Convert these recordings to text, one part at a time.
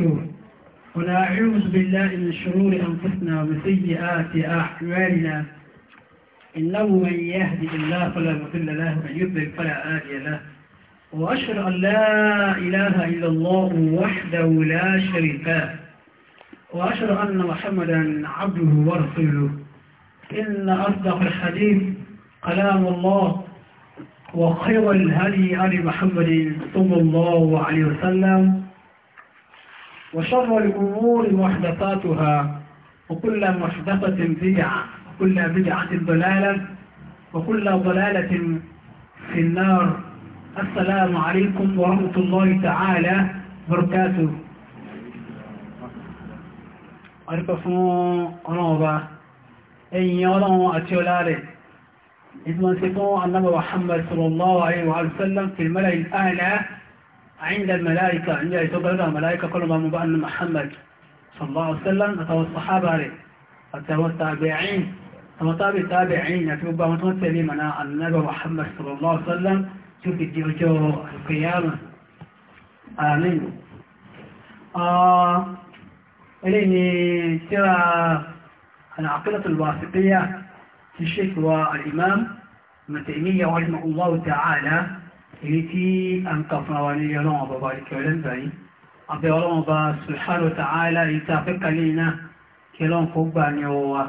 مكتوب أعوذ بالله من شرور أنفسنا وسيئات أحوالنا إنه من يهدي الله فلا مضل له ومن يضلل فلا هادي له وأشهد أن لا إله إلا الله وحده لا شريك له وأشهد أن محمدا عبده ورسوله إن أصدق الحديث كلام الله وخير الهدي علي محمد صلى الله عليه وسلم وشر الأمور محدثاتها وكل محدثة بدعة وكل بدعة ضلالة وكل ضلالة في النار السلام عليكم ورحمة الله تعالى وبركاته Àríkọ̀ fún ọlọ́ọba, ẹ̀yìn ọlọ́run àti ọlá rẹ̀, ìdí wọn sí fún annabawa Muhammad sallallahu Alaihi wa sallam fil mala'i al-a'la عند الملائكة عند يتوبر الملائكة كل ما مبأن محمد صلى الله عليه وسلم أتوى الصحابة عليه أتوى التابعين أتوى تابع التابعين أتوى متمثلين من النبي محمد صلى الله عليه وسلم شوف الجوجو القيامة آمين آه إليني ترى العقيدة الواثقية في الشيخ والإمام ابن تيمية رحمه الله تعالى èyí tí a ń kà fún àwọn ilé ọlọ́wọ̀n bàbá ìkẹ́ ọlẹ́gbà yìí abẹ́ ọlọ́wọ̀n bá subhanahu ta'ala èyí tí a fẹ́ kalẹ̀ iná kí ọlọ́wọ̀n kó gbà ní ọwọ́ wa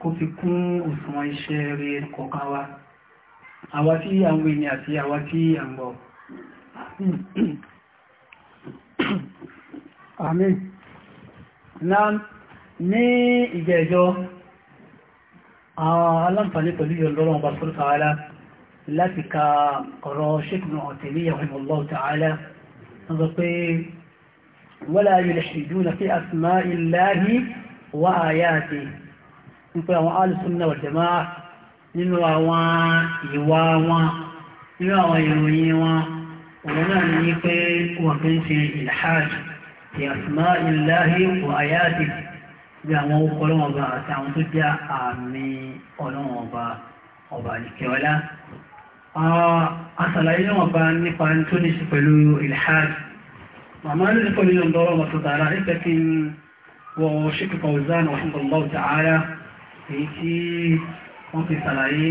kó fi kún òṣùwọ̀n iṣẹ́ rí kọ̀ọ̀kan wa láti ka ọ̀rọ̀ ṣékùnù ọ̀tẹ̀lẹ́ yàwó lọ́wọ́ tààlá wọ́n sọ pé wọ́lá yulhiduna fi asma'illahi wa ayatihi ń pẹ́ àwọn alùsùnà wal jamaa nínú àwọn ìwà wọn nínú àwọn ìròyìn wọn òun náà ní pé wọ́n fi ń ṣe ilhaj fi asma'illahi wa ayatihi bí àwọn ọlọ́wọ́n ọba àti àwọn tó jẹ́ àmì ọlọ́wọ́n ọba ọba nìkẹ́ ọlá Ah, àṣàlàyé náà bá nípa tó ní sí pẹ̀lú ilhad màmá lè pẹ̀lú ìyọ̀ndọ́rọ̀ mọ̀tò tààrà ìfẹ́ kí n wọ ṣíkù Fawzan rahimahullahu ta'ala èyí tí wọ́n fi ṣàlàyé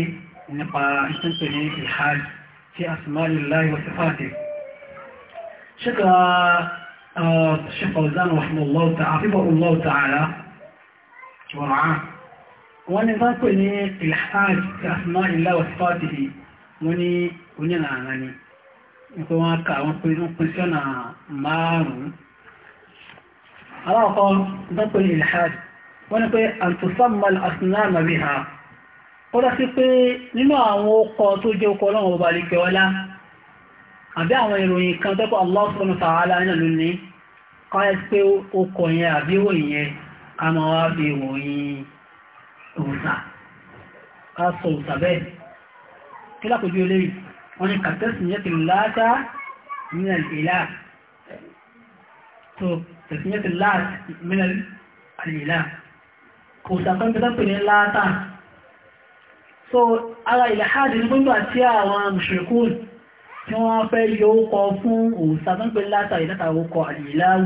nípa ìtúnpẹ̀ ní ilhad tí asma'illahi wa sifati wọ́n ní onílànà ni nípa wọ́n ká àwọn pínṣọ́nà márùn-ún aláwọ̀kọ́ dọ́pẹ́ ilhad wọ́n ní pé antusammal asnama biha ó dá sí pé nínú àwọn ọkọ̀ tó jẹ́ ọkọ̀ ọlọ́run ọba àlejò ọlá àbí àwọn ìròyìn kan tẹ́kọ̀ Allah subhanahu wa ta'ala kí lápòjú eléyìí wọ́n ni kàtẹ́sì yẹ́ ti láta minal ilah so tẹ̀sí yẹ́ ti láta minal ilah kò sàkọ́ ní pẹ́ ní láta so ara ìlàhádì ní gbogbo àti àwọn mushrikun tí wọ́n fẹ́ yọ ókọ fún òòsà tó ń pè láta ìlàta ókọ àdìláwù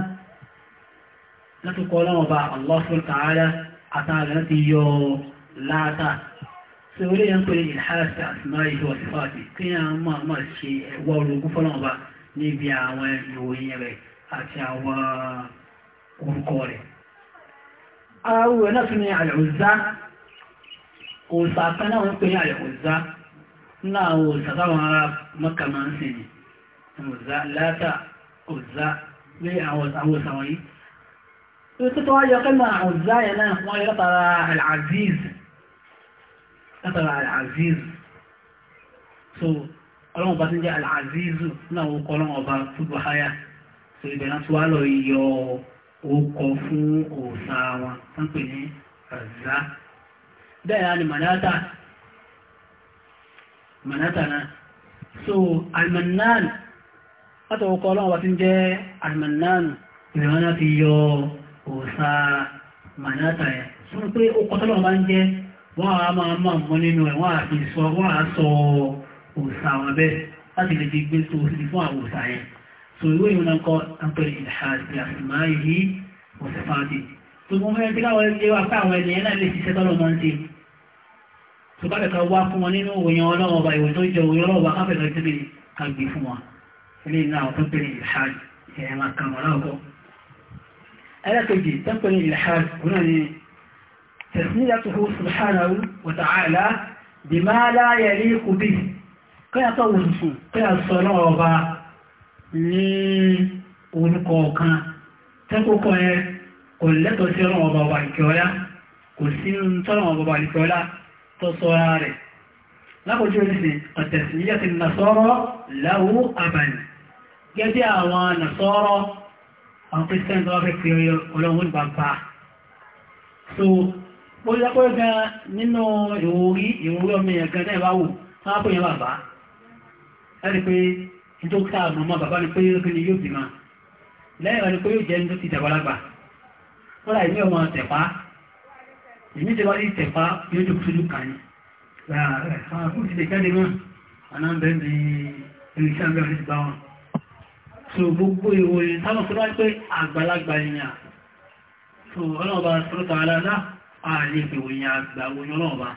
látòkọ́ ọlọ́wọ́ tí ó lè yẹn pé ìhásí àtìmá ìlú ọ̀sífàtì kí a máa máa ṣe ẹwà orogún fọ́lọ́mọba níbi àwọn ìròyìn rẹ̀ àti àwọn orúkọ rẹ̀ àwọn náà tún ní àlùzá òòsà kan náà wọ́n pè ní àlùzá nínú àwọn òòsà táwọn ará látara al-aziz so ọlọ́run bá ti ń jẹ́ al-azizu náà ó kọ́ ọlọ́run ọba fúdù háyà so ibẹ̀ náà tí wàá lọ yọ orúkọ fún òòṣà wọn tó ń pè ní razza bẹ́ẹ̀ ni manata manata náà so almanan látọ̀ ó kọ́ ọlọ́run bá ti ń jẹ́ almanan ibẹ̀ wọn náà ti yọ òòṣà manata yẹn sọ pé ó kọ́ ọlọ́run bá ń jẹ́ wọ́n a máa mọ̀ mọ́ nínú ẹ̀ wọ́n a fi sọ wọ́n a sọ òòsà wọn bẹ́ẹ̀ láti lè fi gbé tó sí fún àwòsà yẹn so ìwé ìwọ̀n náà kọ́ àpẹ ìhàdì àfìmáà yìí òsèfàdì tó mọ́ fẹ́ tí káwọn ẹgbẹ́ wà pé àwọn ènìyàn náà lè ṣiṣẹ́ tọ́lọ́ máa ń ṣe tó káfẹ́ka wá fún wọn nínú òyìn ọlọ́wọ́ ìwọ̀n tó jẹ òyìn ọlọ́wọ́ ọba تسميته سبحانه وتعالى بما لا يليق به kí a tọ́wọ̀ sùn kí a sọ lọ́wọ́ bá ní orúkọ ọ̀kan tẹ́kọ́kọ́ ẹ kò lẹ́tọ̀ sí ọlọ́wọ́ bá wà ìkẹ́ọ́lá kò sí tọ́lọ́wọ́ bá wà ìkẹ́ọ́lá tó sọ ara rẹ̀ lápòjú orísìn ọ̀tẹ̀sìníyàtì nàṣọ́rọ̀ láwú àbàní gẹ́gẹ́ àwọn nàṣọ́rọ̀ àwọn kristian tó wá fẹ́ pé ọlọ́wọ́ ìgbàgbà so ó yẹ pé gan nínú ìwòrí ìwòrí ọmọ èèyàn gan tẹ́ẹ̀ bá wò sáà pé yẹn bàbá ẹni pé nítorí tá a mọ̀ bàbá ni pé kí ni yóò bímọ lẹ́yìn rẹ̀ ni pé yóò jẹ́ nítorí ti dàgbàlagbà ó láì ní ọmọ tẹ̀pá èmi ti wá ní tẹ̀pá yóò tó kúrú kan ní àwọn akúrú ti lè jáde náà àná bẹ́ẹ̀ ni iléeṣẹ́ àgbẹ̀ ọ̀rẹ́ ti bá wọn so gbogbo ìwòye táwọn tó bá pé àgbàlagbà èèyàn so ọlọ́ọ̀bá sọ́tọ̀ aláàlá ààrẹ pé òyìn àgbà òyìn ọlọ́ọ̀bá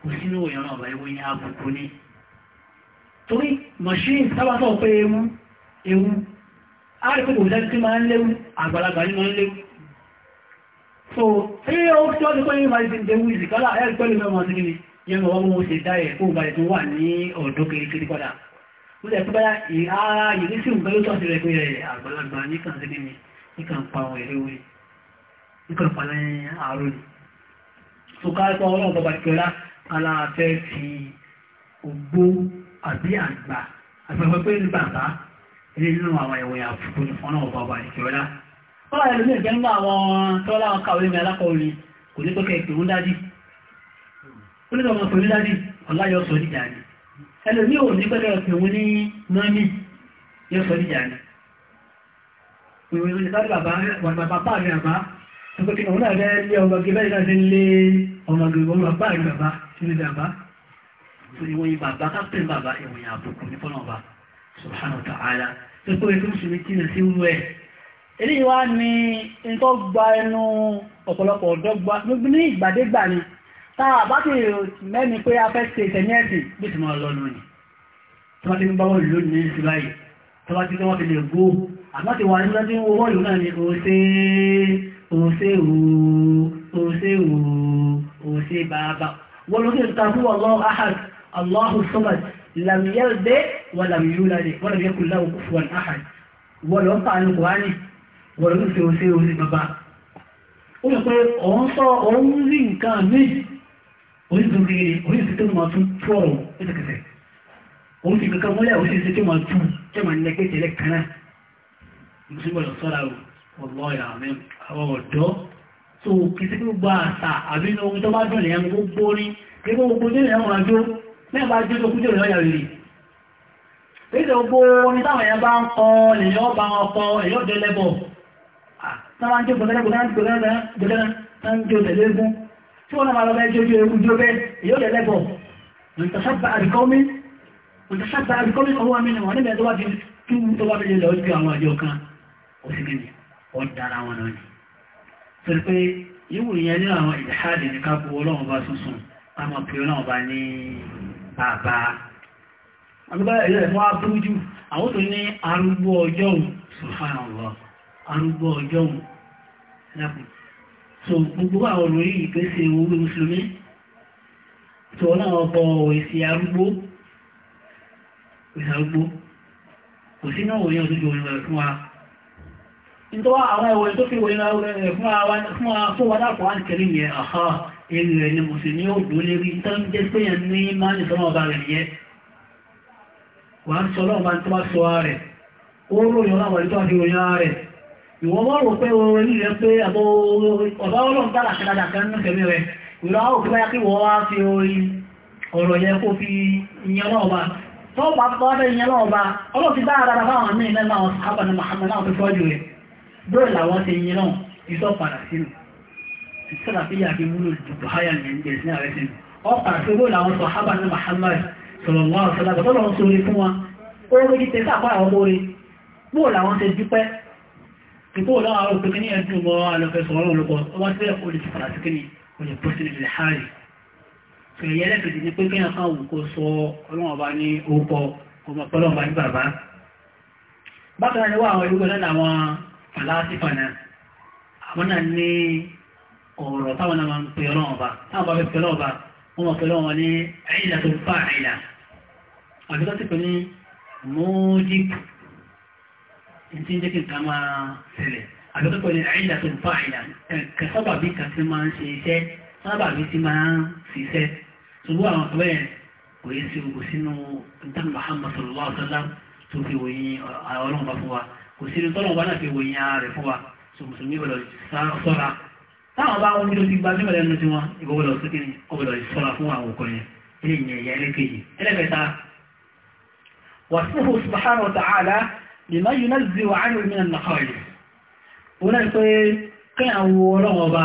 kò sínú òyìn ọlọ́ọ̀bá ìwòyìn àbùkù ní torí machine sábàtọ̀ pé ewu ewu ààrẹ pé kò sẹ́ni tí máa ń léwu àgbàlagbà ní máa ń léwu so tí ó tí ó ti pé yíma ti dé wíìsì kọ́lá ẹ̀ pẹ́lú mẹ́wọ́n sí ni yẹn mọ̀ wọ́n ṣe dá ẹ̀ fún ìbàdí tó wà ní ọ̀dọ́ kékeré padà ó lẹ̀ tó bá ìhà ìrísí nǹkan ló tọ́ sí rẹ̀ pé àgbàlagbà ní kàn sí ni ní kàn pa àwọn ìléwu ìpẹ̀lẹ̀pẹ̀lẹ̀ ààrùn ni so káàkọ́ ọlọ́run bàbá ìkẹ́lá aláàfẹ́ fi ògbó àbí àgbà àgbẹ̀pẹ̀pẹ̀ ní bàbá ilé nínú àwọn ìwòyàn àfùkù ní fọ́nà ọ̀bà bàbá ìkẹ́lá wọ́n rẹ̀ lórí ìgbẹ́ ńgbà àwọn tọ́lá kàwé mi alákọ̀ọ́rin kò ní pẹ́kẹ́ ìpè wúndájì ó ní ọmọ pẹ̀lú dájì ọláyọ̀ sọ níjà ni ẹlòmí ò ní pẹ́kẹ́ ìpè wún ní mọ́mí yóò sọ níjà ni ìwé pé òun náà fẹ́ lé ọmọ gbé bẹ́ẹ̀ láti lé ọmọ gbé wọn bá báyìí bàbá sínú bàbá ìwòyìn bàbá kápẹ́ bàbá ìwòyìn àbùkù ní fọ́nà ọba subhanahu wa ta'ala tó kó ètò ìsinmi tí nà sí wú ẹ̀ eléyìí wá ní nǹkan gba ẹnu ọ̀pọ̀lọpọ̀ ọ̀dọ́ gba ní ìgbàdégbà ni tá a bá ti mẹ́ni pé a fẹ́ ṣe ìtẹ̀ní ẹ̀sìn bí ti máa lọ òṣèrú òṣèrú òṣè bàbá wọ́n lókè ń tàbí wallahu ahad Allahu samad lam yalid wa lam yulad wa lam yakul lahu kufuwan ahad wọ́n lọ ń pa àánú kùránì wọ́n lókè ṣe òṣè òṣè bàbá ó mọ̀ pé òun sọ òun rí nǹkan méjì orísun kékeré orísun tó máa tún tó kankan mọ́lẹ̀ òun sì ṣe tó máa tún tó máa nẹ́gbẹ̀tẹ̀lẹ̀ kan náà mùsùlùmí ọ̀dọ̀ sọ́ra o ọlọ́yà àmì àwọn ọ̀dọ́ tó kìí sí gbogbo àṣà àbí ohun tó bá dọ̀lẹ̀ ẹ̀mù gbogbo orí gbogbo gbogbo jẹ́ ẹ̀wọ̀n àjò mẹ́bà jẹ́ tó kújọ ìyọ́ rẹ̀ èdè gbogbo orin táwọn èèyàn bá ń kọ lèyọ́ bá wọn kọ èyọ́ jẹ́ lẹ́bọ̀ táwọn jẹ́ gbogbo gbogbo gbogbo gbogbo ọ̀dára wọn náà ni torí pé yíwù yẹn ní àwọn ìdáhàdì ní kápò ọlọ́run bá súnsùn àmọ́ pé ọlọ́run bá ní bàbá àgbà ilẹ̀ ẹ̀mọ́ abúrújú àwọn tó ní arúgbó ọjọ́ òun subhanallah arúgbó ọjọ́ òun ẹ̀lẹ́kùn so gbogbo àwọn olórí ìgbésẹ̀ owó mùsùlùmí tó náà ọbọ̀ òsì arúgbó òsì arúgbó kò sí náà wòye ọdún jù òun lọ fún wa ìtọ́wà àwọn ẹwọ̀n tó fi wọ́n fún wádàpọ̀ àkẹrí yẹn àhá ilẹ̀ ni mùsùlùmí ó dò lérí tán jẹ́ pé yẹn ní máa ní sọ́nà ọba rẹ̀ yẹ wà ń sọ lọ́wọ́ tó bá sọ rẹ̀ ó ròyìn ọláwọ̀ tó fi ròyìn rẹ̀ ìwọ́n mọ́ rò pé orin ní rẹ̀ pé ọba ọlọ́run tààrà kẹdàdà kan ní kẹmí rẹ̀ ìlú àwọn òkú báyá kí wọ́n wá fi orin ọ̀rọ̀ Muhammad náà tó bẹ́ẹ̀ làwọn ti yin náà ìsọ padà sínú ìsọ́là fi yà kí múlò dùdù háyà nìyẹn sí ààrẹ sínú ọ padà sí bẹ́ẹ̀ làwọn sọ hábà ní Muhammad sọlọ́wọ́ ọ̀sọ́lá tó lọ́wọ́ sọ orí fún wa ó rí tẹ sáàpá àwọn ọmọ rẹ̀ bẹ́ẹ̀ làwọn ti dúpẹ́ ìpò lọ́wọ́ àwọn òpin ní ẹ̀dùn mọ́ alọ́fẹ́ sọ̀rọ̀ olùkọ́ wọ́n ti bẹ́ẹ̀ olè ti padà sí kíni olè bó sí ilẹ̀ hárì sọ̀rọ̀ yẹn lẹ́kẹ̀ẹ́ ni pé kí ẹ̀ka òun kò sọ ọlọ́wọ́ bá ní orúkọ ọmọ pẹ́lọ́wọ́ bá ní bàbá bákan náà ni wọ́n àwọn fàlásífà náà àwọn náà ní ọ̀rọ̀ táwọn náà máa ń pè ọlọ́run ọba táwọn bá fẹ́ pè ọlọ́run ọba wọ́n máa pè ọlọ́run wọn ní àìlà tó fà àìlà àti tó ti pè ní mọ́ọ́dík tí ń jẹ́ kí nǹkan máa ṣẹlẹ̀ àti tó pè ní àìlà tó fà àìlà kẹsọ́bà bí kan máa ń ṣe iṣẹ́ sábà bí máa ń fi wòye kò sí ní tọ́lọ̀ wánà fi wòyìn ara rẹ̀ fún wa so mùsùlùmí gbọ́dọ̀ sọ́ra táwọn bá wọn bí ó ti gba mímọ̀ lẹ́nu tí wọ́n ìgbọ́gbọ́dọ̀ sókè ní ọgbọ́dọ̀ sọ́ra fún àwọn òkò yẹn ilé ìyẹn ìyá ẹlẹ́kejì ẹlẹ́kẹta wàsíhù subhanahu wa ta'ala lima yunazzihu anhu min an-naqaid wọn náà pé kéèyàn wo ọlọ́wọ́ ọba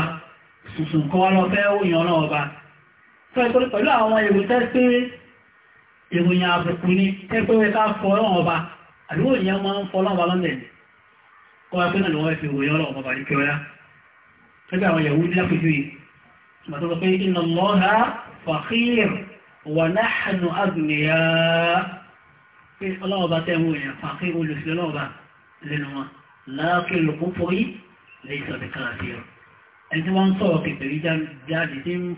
sùsùn kọ́ ọlọ́fẹ́ òyìn ọlọ́wọ́ ọba tó ẹ pẹ̀lú àwọn èrò tẹ́ pé ìròyìn àbùkù ni tẹ́ pé ká fọ ọlọ́wọ́ ọba àdúgbò ìyá máa ń fọ́lọ́ ọba lọ́nà ẹ̀dẹ̀ kọ́ ẹgbẹ́ náà lọ́wọ́ ẹ̀fẹ́ ìròyìn ọlọ́ ọba ní kíọ́yá ẹgbẹ́ àwọn ìyàwó ní àpèjú yìí ma tó sọ pé inna Allaha faqir wa nahnu aghniya pé ọlọ́ọba tẹ́wọ́ èèyàn faqir olùsí ọlọ́ọba lẹ́nu wọn láàkí lòkúnfọ́ yìí lè tí wọ́n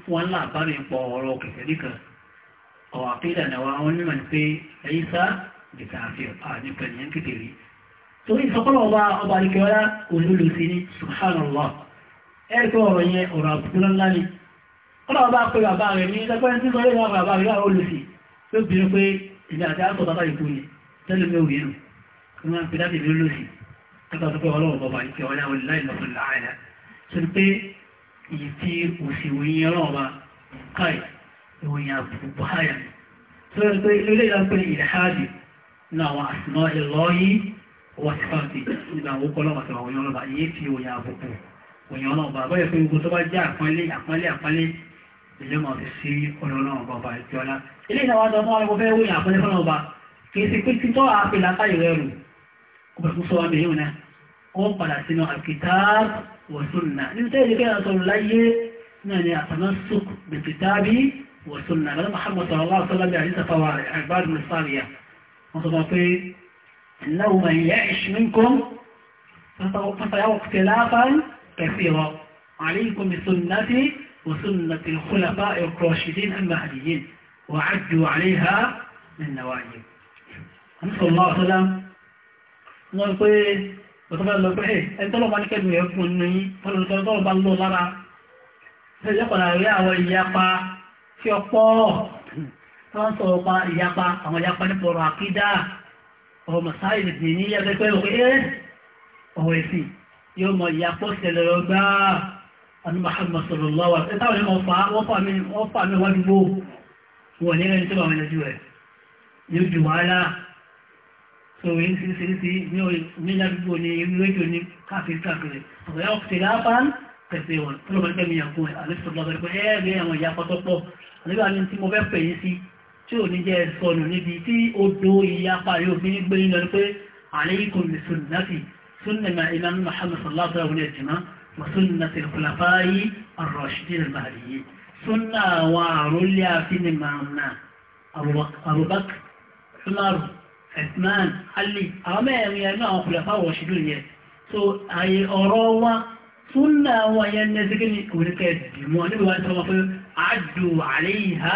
wọn láàbárin pọ̀ ní pé ẹ̀yí sá jẹ́kàáfíà àníkà ní ẹnkẹ́ tèrè torí ìsọkọ́lọ̀ ọba ọba àríkẹ́ọ́lá olólùsí ní subhanallah ẹ̀ẹ́kọ́ ọ̀rọ̀ yẹn ọ̀rọ̀ àbùkù ńlá ni kọ́lọ̀ ọba pé bàbá rẹ̀ ní ẹgbẹ́rin tí sọ́lé wọn bàbá rẹ̀ olùsí tó bìnrin pé ìdá àti àtọ̀ bàbá ìkú ni tẹ́lẹ̀ mẹ́ òye nù kí wọ́n pè láti ìlú lòsì kọ́tà tó pé ọlọ́wọ́ ọba àríkẹ́ọ́lá olùláìlọ́kùnlá àìlá tó ní pé ìyí tí òsìwò yẹn rán ọba káì ìwòyìn àbùkù bọ́háyà tó ní pé ilé ìlànà pé ìlhádìí nínú àwọn àṣìná ìlọ́yí wọ́sífàtì nígbà àwọn ọkọ̀lọ́wọ́ àti àwọn òyìnbó yé fi òyìn àbùkù òyìn ọlọ́ọ̀bà bọ́yẹ̀ pé gbogbo tó bá jẹ́ àpọ́nlé àpọ́nlé àpọ́nlé ilé máa fi sí ọlọ́ọ̀bà ọba ìjọlá ilé ìdáwà tó wọ́n fẹ́ wòyìn àpọ́nlé fọ́lọ́ọ̀bà kì í ṣe pé títọ́ àpè látàyè rẹ̀ rù kò bẹ̀rẹ̀ fún sọ́wọ́ mìíràn náà ó ń padà sínú alkitab wa sunna nínú tẹ́lẹ̀ kí ẹ̀rọ sọ̀rọ̀ láyé náà ni àtàmásùk bìkítàbí wa sunna lọ́dọ̀ Muhammad wọ́n tó sọ pé ìnáwó mọ̀ ìyá ìṣmínkún fọ́sọ̀yáwó kìtìláfà kẹfìrọ̀ عليكم بسنتي وسنة الخلفاء الراشدين المهديين وعدوا عليها من نواجب صلى الله عليه وسلم wọ́n pé ọ̀tọ́fẹ́ lọ pé ẹni tọ́lọ̀ bá ní kẹ́lù rẹ̀ fún ní ọlọ́tọ́lọ́ bá lọ lára ẹ̀yẹ́pàá wọ́n sọ̀rọ̀ pa ìyapa àwọn ìyapa nípa ọ̀rọ̀ àkídá ọ̀rọ̀ mọ̀sáì lè ní ẹgbẹ́ pé òkè ẹ́ ọ̀rọ̀ ẹ̀sìn yóò mọ ìyapọ̀ ṣẹlẹ̀ ọgbà àti Muhammad sallallahu alaihi wasallam táwọn ẹ̀mọ́ fa wọ́n fà mí wọ́n dúgbò wọ́n ní ẹni tó bá wọn lójú rẹ̀ yóò di wàhálà tó yẹ ń ṣe sí ní ládùúgbò ní rédíò ní káàkiri káàkiri ọ̀rọ̀ yà ọ̀kùtì láàpán pẹ̀sẹ̀ wọn tó lọ́mọdé mi yàn fún ẹ̀ àlẹ́ sọ̀rọ̀ ẹ̀ tí ò ní jẹ́ sọnù níbi tí ó dó ìyapa yóò fi gbé ní lọ́nà pé alaykum bi sunnati sunnama imam muhammad sallallahu alaihi wa sallam wa sunnati al-khulafai ar-rashidin al-mahdiyyin sunna wa àrólé àfin ìmàmà abubakar umar uthman ali àwọn mẹ́rin yẹn náà khulafa ar-rashidun yẹn so àyè ọ̀rọ̀ wa sunna wa yẹn ní ẹsẹ̀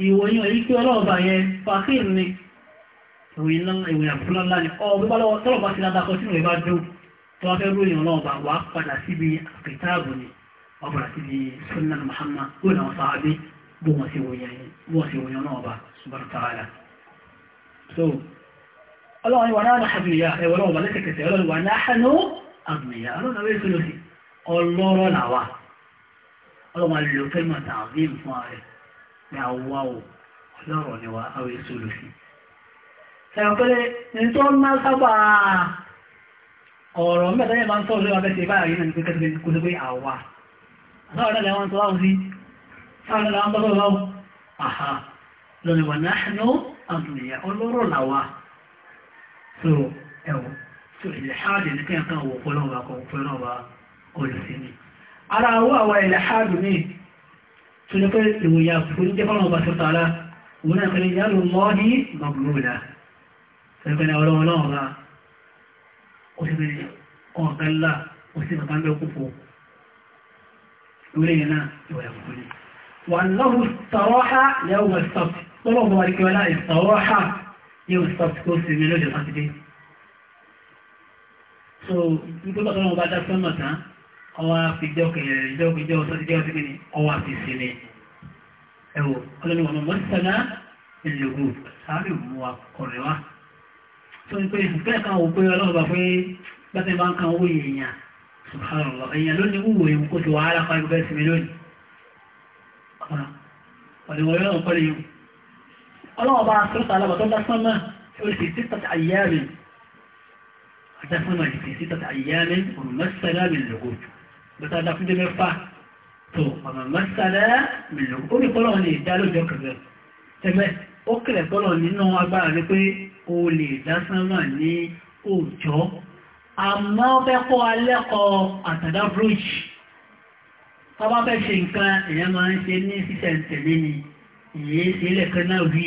ìwòyìn èyí tí ọlọ́ọ̀bà yẹn fàfíìn ni ìwòyìn àfúnlọ́lá ni ọlọ́ọ̀bà ti dáadáa kan sínú ìbá dùn tó wá fẹ́ ròyìn ọlọ́ọ̀bà wà padà síbi àkìtáàbù ni wà padà síbi sunnah Muhammad tó náà sáábí bó wọ́n sì wòyìn so ọlọ́wọ́ ìwà náà hàbìyà ẹwọ́ ọlọ́wọ́ lẹ́sẹ̀kẹsẹ̀ ọlọ́wọ́ láhánú àmìyà ọlọ́wọ́ ìfẹ́lọ́sí ọlọ́rọ̀ làwà ọlọ́wọ́ lè fẹ́ mọ̀ tààbí fún ààrẹ pé àwa ò lọ́rọ̀ ni wa àwọn èso lò sí. sẹ́wọ̀n pé nítorí wọ́n máa sábà ọ̀rọ̀ mẹ́ta yẹn máa ń sọ̀rọ̀ lórí abẹ́sẹ̀ ìbáyà yìí náà ní pé kẹ́tẹ́lẹ́ kó ló pé àwa. sáwọn náà làwọn tó láwọn sí sáwọn náà làwọn tó láwọn àhà lórí wọn náà ló àtúnyẹ ọlọ́rọ̀ làwa. so ẹ̀wọ̀ so ìlẹ̀háàdì ní ni tó jẹ́ pé ìwòyà fún jẹ́ fọ́nà ọba tó tààrà òun náà pẹ̀lú ìyá ló mọ́ ní mọ̀gbọ̀nà pẹ̀lú ọlọ́run ọlọ́run ra ó sì bẹ̀rẹ̀ ọ̀gá ńlá ó sì bàbá ńlá òkú fún lórí yẹn náà ìwòyà fún ni. wà lọ́hùn sọ̀rọ̀há yẹ́wò sọ̀tì lọ́wọ́ bọ̀ wà ní kí wọ́n láì sọ̀rọ̀há yẹ́wò sọ̀tì kó sì mí lọ́jọ́ sátidé. so nígbà tó lọ́wọ́ bá dá sọ́mọ̀ tán ọwọ́ àfijọ́ kẹlẹ̀ ìjọ́gbìjọ́ sọ́díjọ́ sí ní ọwọ́ àfisìnì ẹwọ̀ ọlọ́ni wọn mọ́sánà ìlúgbò sáré mú akọrẹ̀ wá tó ní pé ìfẹ́ kan wò pé ọlọ́ọ̀bà pé bẹ́tẹ̀ bá ń kan owó èèyàn subhanallah èèyàn ló ní wúwo ewu kó ti wà á lápá ibùbẹ́ sí mi lónìí ọ̀dẹ̀wọ̀ yóò kọ́ lè ọlọ́ọ̀bà sọ́tà alábà tó dá sánmà ó ìfẹ́ títà àyàmì òmùmẹ́sánà bàtà dákúndé mẹ́fà tó ọ̀nà mẹ́sàlẹ̀ mìlò ó ní kọ́lọ̀ lè dá lójọ kẹfẹ́ tẹ́mẹ́ ó kẹlẹ̀ kọ́lọ̀ nínú agbára rẹ pé o lè dá sánmà ní òòjọ́ àmọ́ fẹ́ kọ́ alẹ́kọ̀ọ́ àtàdá bridge tọ́bá fẹ́ ṣe nǹkan èèyàn máa ń ṣe ní sísẹ̀ǹtẹ̀lé ni ìyẹ́ ṣe lẹ́kẹ́ náà rí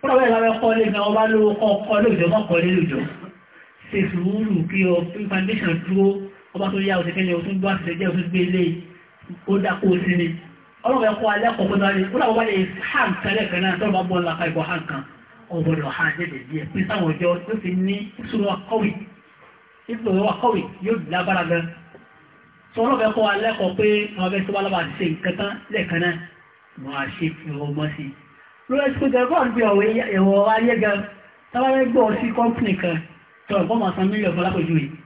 pọ́lọ̀wẹ́ ìlàwẹ́ kọ́ lé gan ọba lówó kọ́ kọ́ lóòjọ́ mọ́kọ́ lé lóòjọ́ ṣe sùúrù kí ọ foundation dúró ọba tó yá òsì kẹ́ni òsùn gbọ́ àti ṣẹjẹ́ òsùn gbé ilé ó dákó sí ni ọlọ́pàá ẹ̀kọ́ alẹ́kọ̀ọ́ pẹ̀lú alẹ́ ó làwọn bá lè hàn tẹ́lẹ̀ kan náà tọ́lọ́ bá bọ́ ńlá ka ìkọ̀ hàn kan ọ̀gbọ̀dọ̀ hàn dédé díẹ̀ pé sáwọn ọjọ́ tó fi ní ìṣòro akọ́wì ìṣòro akọ́wì yóò lágbára gan sọ ọlọ́pàá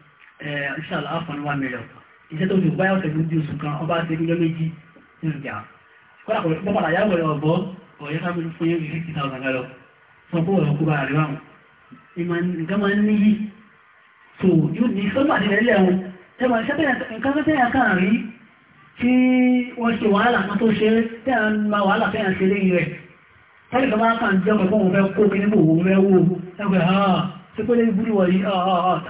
ṣàlá àfọ̀nù wà mílíọ̀ iṣẹ́ tó fi báyọ̀ tẹ̀lú bí oṣù kan ọba ṣe níjọ́ méjì nínú ìjà kọ́lá kò tó padà yàgò rẹ̀ ọ̀bọ ọ̀yẹ́ sábẹ́ fún yẹn fifty thousand gálọ̀ sọ pé ọ̀rọ̀ kó bára rí wà wọn nǹkan máa ń níyì tó yóò ní sọ́gbà ní ẹlẹ́ wọn ẹ máa ṣẹ́ nǹkan tó tẹ̀yà kàn rí tí wọ́n ṣe wàhálà kan tó ṣe tẹ̀yà máa wàhálà fẹ́yà ṣe lẹ́yìn rẹ̀ tẹ́lẹ̀ kan máa kàn jẹ́ ọ̀pẹ̀ fún òun fẹ́ kó kí níbo òun fẹ́ wò ẹgbẹ̀ ha ah, ṣe pé lẹ́yìn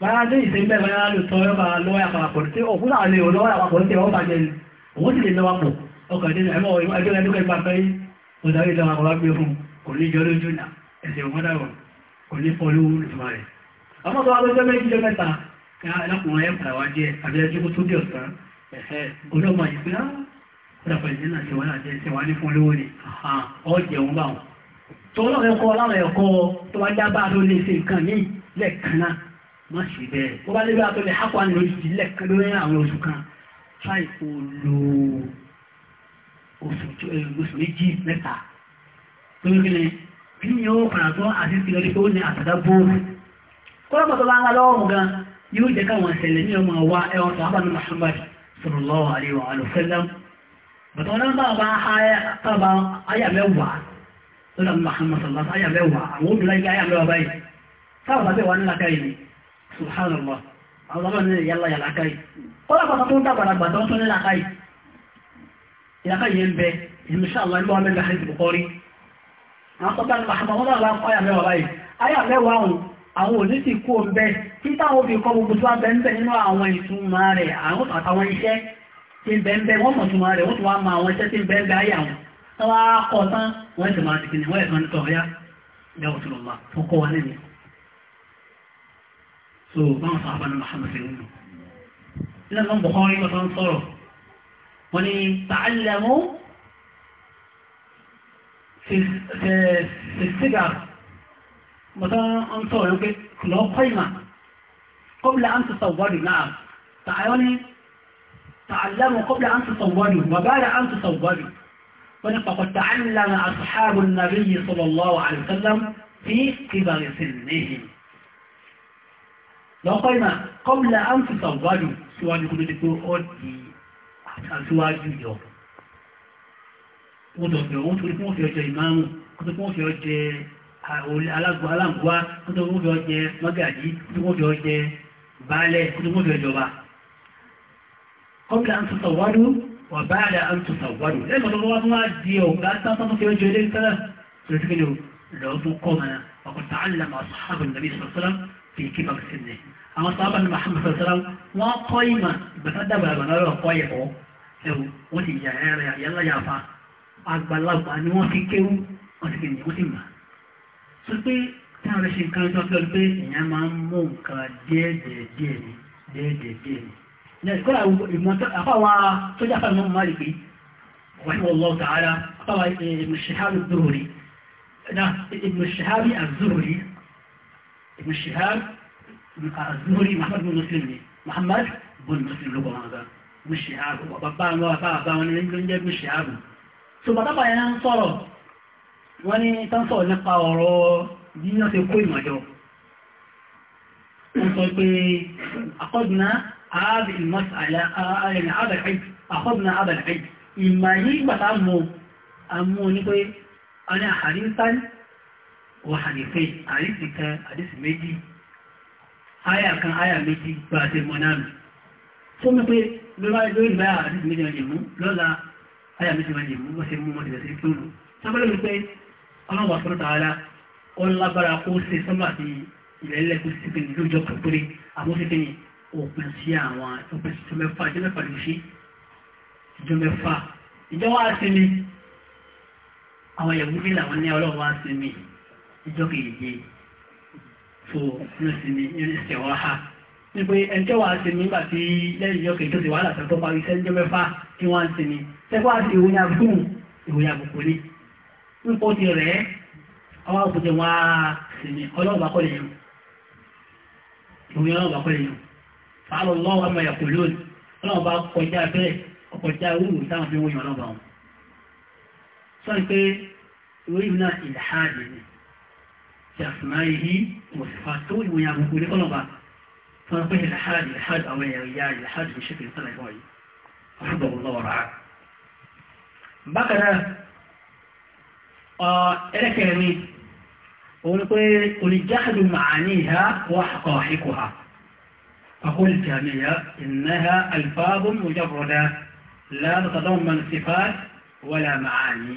bára ìsẹ́gbẹ́ bára ló tọ́ yọ́ bára lọ́wọ́ àpapọ̀ tí ó fún àlè olówó àpapọ̀ tí ó bàjẹ́ òun sì lè lọ́wọ́ pọ̀ ọkọ̀ ìdí ẹ̀mọ́ ẹjọ́ ẹjọ́ ìgbà fẹ́ yí òdàrí ìjọba kọ̀wá gbé fún kò ní jọ lójú nà ẹ̀sẹ̀ òmọ́dàrọ̀ kò ní fọ́ ma ṣe bẹ́ẹ̀ tó bá lébẹ́ àtọ́lẹ̀ hápá ní oṣù sílẹ̀ kan àwọn oṣù kan try kó lo eh, oṣù méjì mẹ́ta tó kí ni ó padà tó àti ti lórí ní àtàdá bóòrù kọ́lọ́pọ̀ bá ń wá lọ́wọ́ gan yóò jẹ́ káwọn ìṣẹ̀lẹ̀ ní ọmọ wa ẹwọ́n tó Muhammad wọn bá bá bá Muhammad àwọn obìnrin báyìí bá subhanallah àwọn ọmọ ní ìyá láyà lákàí kọ́lá pàtàkì tó ń dàgbàlagbà tó ń tún ní lákàí ìlàkàí yẹn bẹ ìmúṣàlá ilé wọn mẹ́ta àti bukori àwọn tọ́ta ní mahamman wọn náà láàpọ̀ àyà mẹ́wàá báyìí àyà mẹ́wàá ọ̀hún àwọn òní sì kú ọ̀bẹ tí táwọn òbí kọ gbogbo tó wá bẹ́ẹ̀ nínú àwọn ìtumọ̀ rẹ̀ àwọn àtàwọn iṣẹ́ tí ń bẹ́ẹ̀ wọ́n mọ̀ túnmọ̀ rẹ̀ wọ́n tún wá máa àwọn iṣẹ́ tí ń bẹ́ẹ̀ ayà wọn tán wá kọ̀ tán wọ́n ti máa ti kìnnìwọ́n ẹ̀sán tọ̀ ya lẹ́wọ̀tún lọ́mà fọ́kọ́ wa nínú so báwọn sàbà ní Muhammad ṣe wù nínú kan Bukhari bàbá ń sọ̀rọ̀ wọ́n ní ta'allamu fìsígà bàbá ń sọ̀rọ̀ yóò pé kùlọ̀ kọ́ìmà kọ́bílà án ti sọ̀wọ́dù náà tààyọ́ ní ta'allamu kọ́bílà án ti sọ̀wọ́dù wàbára án ti sọ̀wọ́dù wọ́n ní pàpọ̀ ta'allama ashabu nabi sallallahu alaihi wasallam fi kibar sinihim lọ́pọ̀ ìmà kọ́mílà áńtìsà wájú síwájú kó lóde pé ó di àtiwájú ìjọ wọ́n tọ̀pẹ̀ wọ́n tó fún òfin ọjọ́ ìmáàmù kó tó fún òfin ọjọ́ alágbó aláǹgbá kó tó fún òfin ọjọ́ mọ́gàjí kó tó fún òfin ọjọ́ baálẹ̀ kó tó fún òfin ọjọ́ bá kọ́mílà áńtìsà wájú wà báálẹ̀ áńtìsà wájú lẹ́yìn tó wá fi kí bá sí ni àwọn sábà ní Muhammad sọ̀rọ̀ wọ́n kọ́ ìmọ̀ ìgbàtà dàgbàlagbà náà lọ́kọ́ ẹ̀kọ́ ẹ̀wù wọ́n ti yà ẹ̀rẹ̀ àyàlá yàfa àgbàlagbà ni wọ́n fi kéwú wọ́n ti kéwú wọ́n ti mà. sọ pé táwọn ẹ̀ṣẹ̀ nǹkan tó fẹ́ pé èèyàn máa ń mú nǹkan díẹ̀díẹ̀ ni díẹ̀díẹ̀ ni. kọ́lá ìmọ̀tọ́ àfáwa tó jáfa ní mọ́mọ́ rẹ̀ pé wàhíwọ̀ lọ́wọ́ tààrà àfáwa ìmọ̀ṣẹ̀hábì az-Zuhri ابن شهاب الزهري محمد بن مسلم محمد بن مسلم ló kọ́ wọn gan ابن شهاب bàbá wọn bàbá bàbá wọn ní ló ń jẹ́ ابن شهاب so bàbá bàyẹn ń sọ̀rọ̀ wọ́n ní tán sọ̀rọ̀ nípa ọ̀rọ̀ bí wọ́n ti kó ìmọ̀jọ wọ́n sọ pé àkọ́dùnà ààbì ìmọ̀sàlẹ̀ ààbì wà hànífẹ́ àdísì kan àdísì méjì áyà kan áyà méjì gba àti ẹmọ náà nù tó mẹ́ pé lórí báyà àdísì méjì wọn lè mú lọ́la áyà méjì wọn lè mú wọ́n ṣe mú wọn tẹ̀sí tó nù sábẹ́lẹ̀ mi pé ọlọ́wà fún tààrà ó lágbára kó ṣe sọ́mà sí ilẹ̀ ilẹ̀ kó sì kìnnì lójọ pẹ̀pẹ̀rẹ̀ àmúṣekìnnì òpin sí àwọn òpin sí mẹ́fà ìjọ mẹ́fà lè ṣe ìjọ mẹ́fà ìjọ wá sí mi àwọn ìyàwó mi làwọn ní ọlọ́wà sí mi ìjọ kejì so yóò sì ní yóò sì wá ha nígbé ẹjọ́ wa ṣe nígbà tí lẹ́yìn ìjọ kejì tó ti wàhálà tó parí iṣẹ́ níjọ́ mẹ́fà tí wọ́n ṣe ni tẹ́kọ́ àti ìròyìn àbùkù ìròyìn àbùkù ni ń kó ti rẹ̀ ọwọ́ àbùkù wọn á sì ní ọlọ́ọ̀bà kọ́ lẹ́yìn ìròyìn ọlọ́ọ̀bà kọ́ lẹ́yìn fàálọ̀ lọ́wọ́ àmọ́ ẹ̀kọ́ lónìí ọlọ́ọ̀bà kọjá bẹ́ẹ̀ ọkọjá wúwo táwọn fi wọ́n yàn ọlọ́ọ̀bà wọn sọ pé ìròyìn náà ìlàhádìí بأسمائه وصفاته ويعمل كل طلبة فنقول الحاد الحاد أو الرجال الحاد بشكل طلع هوي أحبه الله ورعاه بكرة ẹlẹ́kẹ̀ẹ́ni òun ni pé معانيها ma'aníha wà àkọ̀ọ̀híkùha فقل الجامعية إنها ألفاظ مجردة لا تتضمن صفات ولا معاني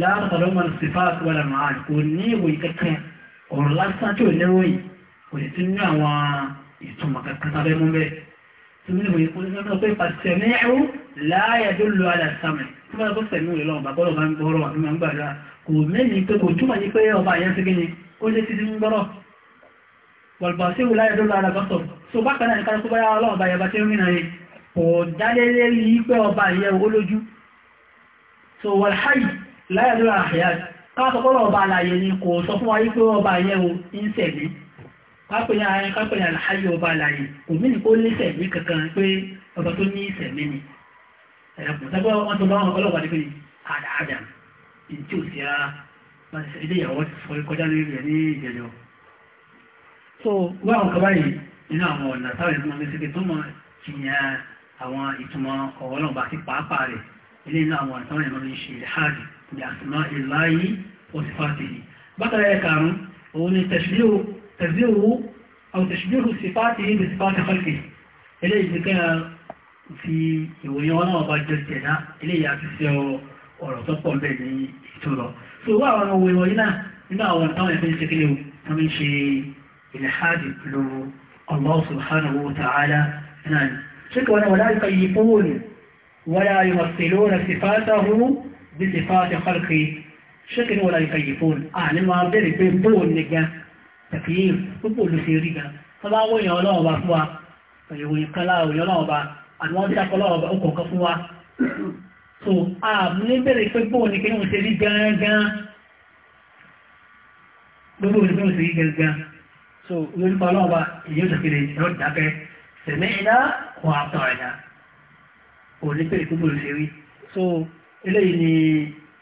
láàrín ọlọ́mọ̀n sífáàtì wà lẹ́nu àti kò ní ìròyìn kankan ọ̀rọ̀ lásán tí ò níròyìn kò sì tún ní àwọn ìtumọ̀ kankan sábẹ́ mú bẹ́ẹ̀ tí ó ní ìròyìn kó ní ọjọ́ pé pàṣẹmí ẹ̀rú láàyè tó lo àlà sàmì tí wọ́n bá sẹ̀mí òye lọ́wọ́ bàbá ọlọ́mọ gbọ́rọ̀ àti máa ń gbàdúrà kò mẹ́ni pé kò túmọ̀ ní pé ọba àyẹ́ so bákan láyàlú àyà káàkọ́kọ́rọ̀ ọba alàyè ni kò sọ fún wa yí pé ọba ayẹ́ o ń sẹ̀mí kápẹ́yà ayẹ́ kápẹ́yà àlàyé ọba alàyè kò mí ní kó ní sẹ̀mí kankan pé ọba tó ní sẹ̀mí ni ẹ̀rẹ̀kùn tẹ́gbọ́ wọn tó bá wọn ọlọ́pàá ní pé àdáadà tí ò sí ara ilé so wá àwọn kaba yìí nínú àwọn ọ̀nà táwọn ìtumọ̀ ní sẹ́kẹ̀ tó mọ̀ jìyàn àwọn ìtumọ̀ ọ̀wọ́lọ́ba àti pàápàá rẹ̀ ilé nínú ìyàsímá ìláyí òsìfàtìlì bákàrẹ ẹ̀kàrún òun ni tẹ̀síwò sífàtìlì bí sífàtì kọlùkì ilé ìdíkẹ́ fi ìwòyàn wọn náà bá jẹ́ jẹ̀dá ilé ìyàtíṣẹ́ ọ̀rọ̀ tó pọ̀ bẹ́ẹ̀ ní ìtòrọ̀ so wá àwọn owó ìwọ̀nyí náà nínú àwọn táwọn ẹ̀fẹ́ ṣe kílẹ̀ wọ́n ń ṣe ìlẹ̀háàdì pẹ̀lú Allah subhanahu بصفات خلقه شكل ولا يكيفون أعني ما بيري بيبون نجا تكييف بيبون لسيريكا فما وين يولو با فوا فيوين كلاو يولو با أنوان ساقلو با أكو كفوا so àmì bẹ̀rẹ̀ pé bóò ní kí wọ́n ṣe rí gángan gbogbo ní kí wọ́n ṣe rí gángan so lórí pa ọlọ́ọ̀bá èyí tó kéré ẹ̀rọ dákẹ́ tẹ̀mẹ́ ìdá wà àtọ̀ ẹ̀dá ò ní bẹ̀rẹ̀ pé bóò ní ṣe rí so eléyìí ni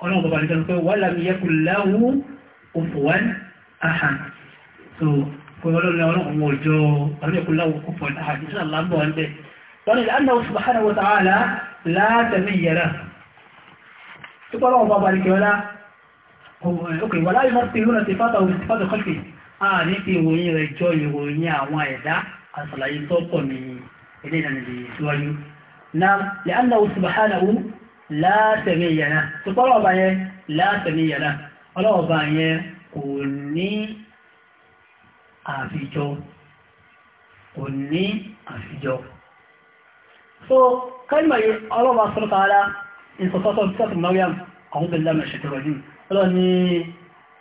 ọlọ́run bàbá nìkan pé wà lábí yẹ́kù láwú òfòwán àhàn so pé ọlọ́run ọlọ́run ọjọ́ ọlọ́run yẹ́kù láwú òfòwán àhàn ìṣẹ́ àlámbọ̀ wọn bẹ́ wọ́n ni anna subhanahu wa ta'ala látẹ̀mí yẹra tí kọ́ ọlọ́run bàbá nìkan ọlá ok wà láyé máa ti rú náà ti fátà òun ti fátà kọ́kì a látẹ̀mí ìyànà tó pọ́lọ̀ ọba yẹn látẹ̀mí ìyànà ọlọ́ọ̀ba yẹn kò ní àfijọ kò ní àfijọ so kẹ́lìmọ̀ yìí ọlọ́ọ̀ba sọ́lọ́ta ara ìsọ̀tọ́tọ̀ sọ́tọ̀ Maryam àwọn bẹ̀rẹ̀ lẹ́mọ̀ ṣètọ́rọ̀ yìí ọlọ́ni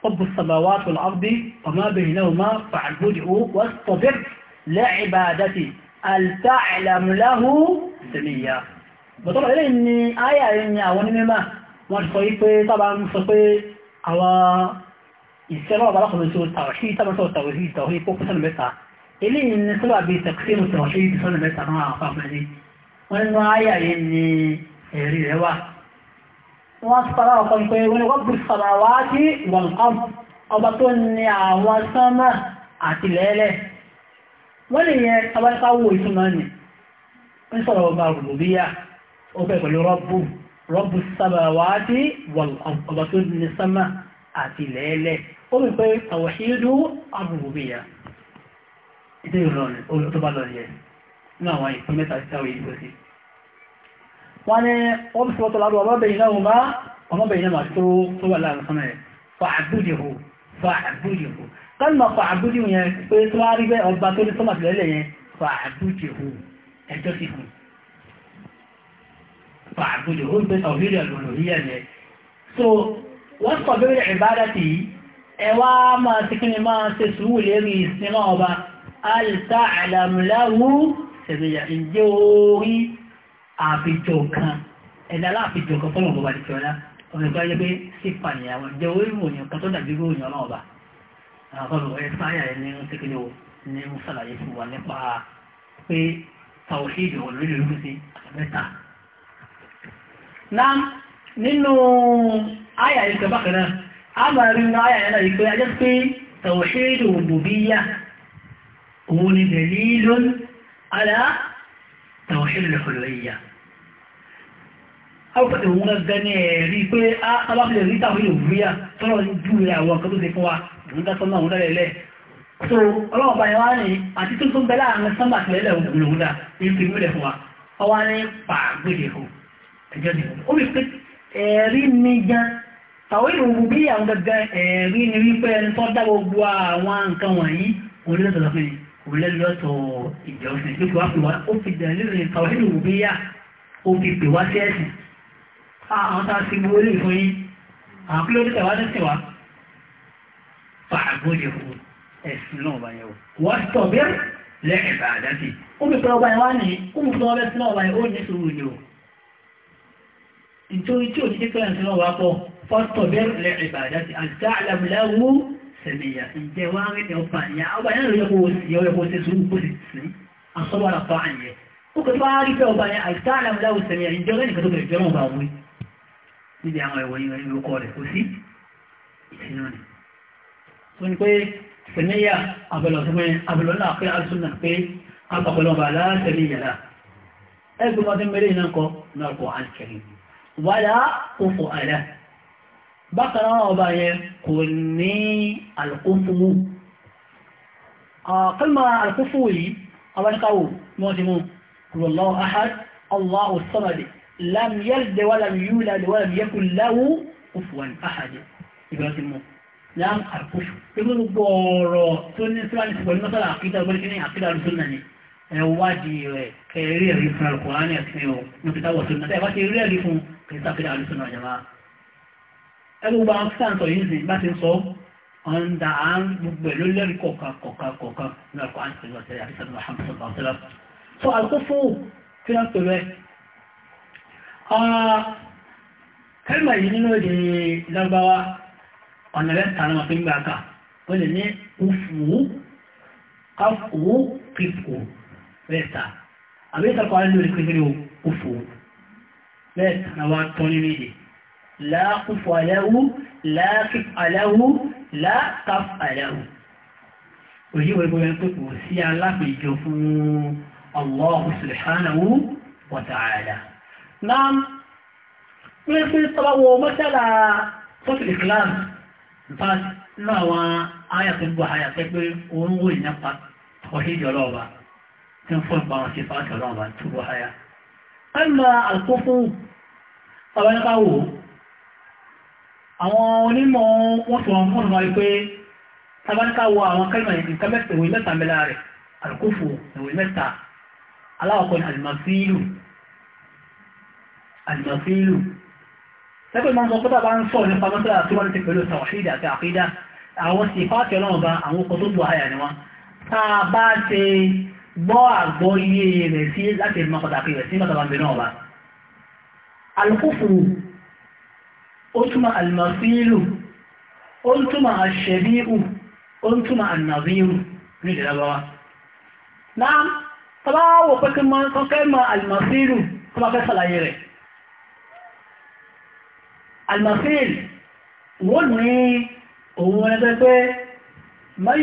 ọbù sàbàwátò àbdí ọmọ bẹ̀rẹ̀ náà máa fàgbódì ó wọ́n tọ̀bẹ̀ lẹ́ bọ̀tọ́ pẹ̀lẹ́ ni ayà rẹ̀ ni àwọn onímẹ́mà wọ́n ti sọ wípé sábà ń sọ pé àwọn ìṣẹ́lọ́ ọ̀bálọ́kùnrin tí ó tàwọ̀ sí ìtàbọ̀tọ̀ tàwọ̀ sí ìtàwọ̀ ipò pẹ́sẹ̀lú mẹ́ta eléyìí ni sábà bí tẹ̀kísẹ́mù tàwọ̀ sí ìtàwọ̀ mẹ́ta náà àwọn afẹ́fẹ́ ni wọ́n nú ayà rẹ̀ ni ẹ̀rí rẹ̀ wà wọ́n sábà ọkọ̀ pé wọ́n sánmà àti lẹ́lẹ̀ wọ́n lè yẹ abáyíká wo ni ń sọ̀rọ̀ ọba rùbíyà ó bẹ̀ pẹ̀lú rọ́bù rọ́bù sábàwáàdì ọ̀gbà tó ní sánmà àti lẹ́ẹ̀lẹ́ ó bẹ̀ pé àwọ̀ṣídú àbùbùbìyà ìdí ìrọ̀lẹ̀ tó bá lọ yẹ ní àwọn ìpín mẹ́ta tí táwọn ìlú sí wọ́n ní wọ́n bí sọ́tọ̀ lábọ̀ ọmọbìnrin náà wọ́n bá ọmọbìnrin náà tó tó wà láàrín fàgbùdù ó ń pè tọ̀fíìrì ọ̀lùmọ̀lùmíyà so wọ́n sọ bẹ́rẹ̀ ìbádà tí ẹ wá máa ti kí ni máa ṣe sùúrù lérí ìsinmi ọba alta alamulawu ṣẹ̀bẹ̀yà ìjẹ́ orí àfijọ kan ẹ̀dá aláàfijọ kan fọ́nà ọba ti kíọ́lá ọmọ ìgbà yẹ pé sípa ìyàwó jẹ́ orí ìròyìn kan tó dàbí ìròyìn ọlọ́ọ̀ba àwọn ọmọ ẹ̀ náà nínú àyà ìgbà bákanáà a máa rí nínú àyà yẹn náà wípé ajẹ́ pé tawhidu rububiyya òun ni dalilun ala tawhidu hulwiyya àwọn pẹ̀lú òun gẹ́gẹ́ ní ẹ̀rí pé alábìlẹ̀ rí tàwọn ìlúwíyà tọ́rọ so ọlọ́wọ́ bá yẹn wá ní àti tó tó ń bẹ láàrin sánmà tìlẹ́lẹ̀ òun lòun dá ní fi fún wa ọwá ní pàgbélé fún ẹ̀jẹ̀dì ó rí pé ẹ̀rí ni gan àwọn ìrùngbù bí àwọn gẹ́gẹ́ ẹ̀rí ni wípé ẹni tó dá gbogbo àwọn nǹkan wọ̀nyí orílẹ̀-èdè lọ́fẹ́ ni orílẹ̀-èdè ìjọ òfin ló fi wá pè wá ó fi dẹ̀ nínú àwọn ìrùngbù bí yà ó fi pè wá sí ẹ̀sìn àwọn tá a ti gbowó lè fún yín àwọn kí ló dé tẹ̀wá tẹ̀sẹ̀ wá fa àgbóyè fún ẹ̀sìn náà bá yẹ wọ́n tọ̀ bí lẹ́yìn bá àdá nítorí tí òṣìṣẹ́ fẹ́ràn sí lọ́wọ́ pọ̀ fọ́tọ̀ bẹ́rù lẹ́rìn ìbàdàn ti àti àlàmúláwó sẹ̀mìyà ìjẹ́ wá rí ní ọba ìyá ọba yẹn lóye kó o sì yọ ẹ̀kọ́ sí sùúrù kó sì sí asọ́wọ́ra fa àyẹ̀ ó kò tó wá rí fẹ́ ọba yẹn àti àlàmúláwó sẹ̀mìyà ìjẹ́ rẹ̀ nìkan tó bẹ̀rẹ̀ jọ́rọ̀ ọba wí níbi àwọn ẹ̀wọ̀ yẹn ní rẹ̀ kò sí ìsinú wàlá kófò àlá bákan náà ọba yẹn kò ní alkófò mú kalma alkófò yìí abáníkàwò ni wọ́n ti mú Allahu ahad Allahu samad lam yalid wa lam yulad wa lam yakun lahu kufuwan ahad ìbẹ̀rẹ̀ ti mú láàm àkófò pẹ̀lú gbogbo ọ̀rọ̀ tó ní sílánì pẹ̀lú mọ́sálà àkídà ọgbẹ́ni kí ní àkídà ọdún náà ni ẹwádìí rẹ̀ kẹrí ẹ̀rí fún alùkùnrin àti ẹ̀rọ nípa táwọn ọ̀sán náà tẹ́ ti rí ẹ̀rí fún ìtàkìdá alùsùn àjàmá ẹni gbogbo àwọn kìtà ń sọ yìí bá ti ń sọ ọ̀ndà à ń gbogbo ẹ̀ ló lẹ́rìí kọ̀ọ̀ka kọ̀ọ̀ka kọ̀ọ̀ka ní ọkọ̀ àti ìlú ọ̀sẹ̀ àti sẹ́nu Muhammad sallallahu alaihi wasallam so àkófó kí wọ́n pẹ̀lú ẹ̀ kẹ́lìmà yìí nínú èdè lárúbáwá ọ̀nà mẹ́ta ló máa fi ń gbà ká ó lè ní ufu káfù kíkù mẹ́ta àbí ìtàkọ̀ àlẹ́ lórí kékeré ufu bẹ́ẹ̀ àwọn atọ́ nínú èdè láàkúfù aláwú láàkíf aláwú láàkàf aláwú òyíwẹ̀ gbogbo ẹni pé kò sí alápèjọ fún Allahu subhanahu wa ta'ala náà pé pé tọ́wọ́ mọ́sálà sọ́tìlì kìláàmù nípa náà àwọn ayàtọ̀gbọ̀ ayàtọ̀ pé orúwò ìyapa ọ̀hídìí ọlọ́ọ̀bá tí ń fọ́ ìpàwọn sí fáàkì ọlọ́ọ̀bá túbọ̀ ayàtọ̀ ẹ̀mà àkókò tàbáníkàwò àwọn onímọ̀ wọ́n tó wọn fún ọmọ pé tàbáníkàwò àwọn kẹlìmọ̀ ìkà mẹ́ta ìwé mẹ́ta mẹ́la rẹ̀ àkókò ìwé mẹ́ta aláwọ̀kọ́ ni alìmọ̀sílù alìmọ̀sílù lẹ́pẹ̀ máa ń sọ pé tàbá ń sọ nípa mọ́tàlá tó wà ní ti pẹ̀lú tàwàṣídà àti àkídà àwọn sì fáàkì ọlọ́run bá àwọn ọkọ̀ tó gbọ́ àyà ni wọn tá bá ṣe gbọ́ àgbọ́ iye rẹ̀ sí láti ẹ̀mọ́ pàtàkì rẹ̀ sí mọ́tàbàmì náà bá. alkúfùrù ó túnmọ̀ almasílù ó túnmọ̀ àṣẹ̀bíhù ó túnmọ̀ ànàzírù ní ìdẹ̀lábáwá. náà tọ́bá wò pé kí wọ́n kọ́kẹ́ mọ almasílù tó bá fẹ́ sàlàyé rẹ̀. almasílù wọ́n ní òun ẹgbẹ́ pé man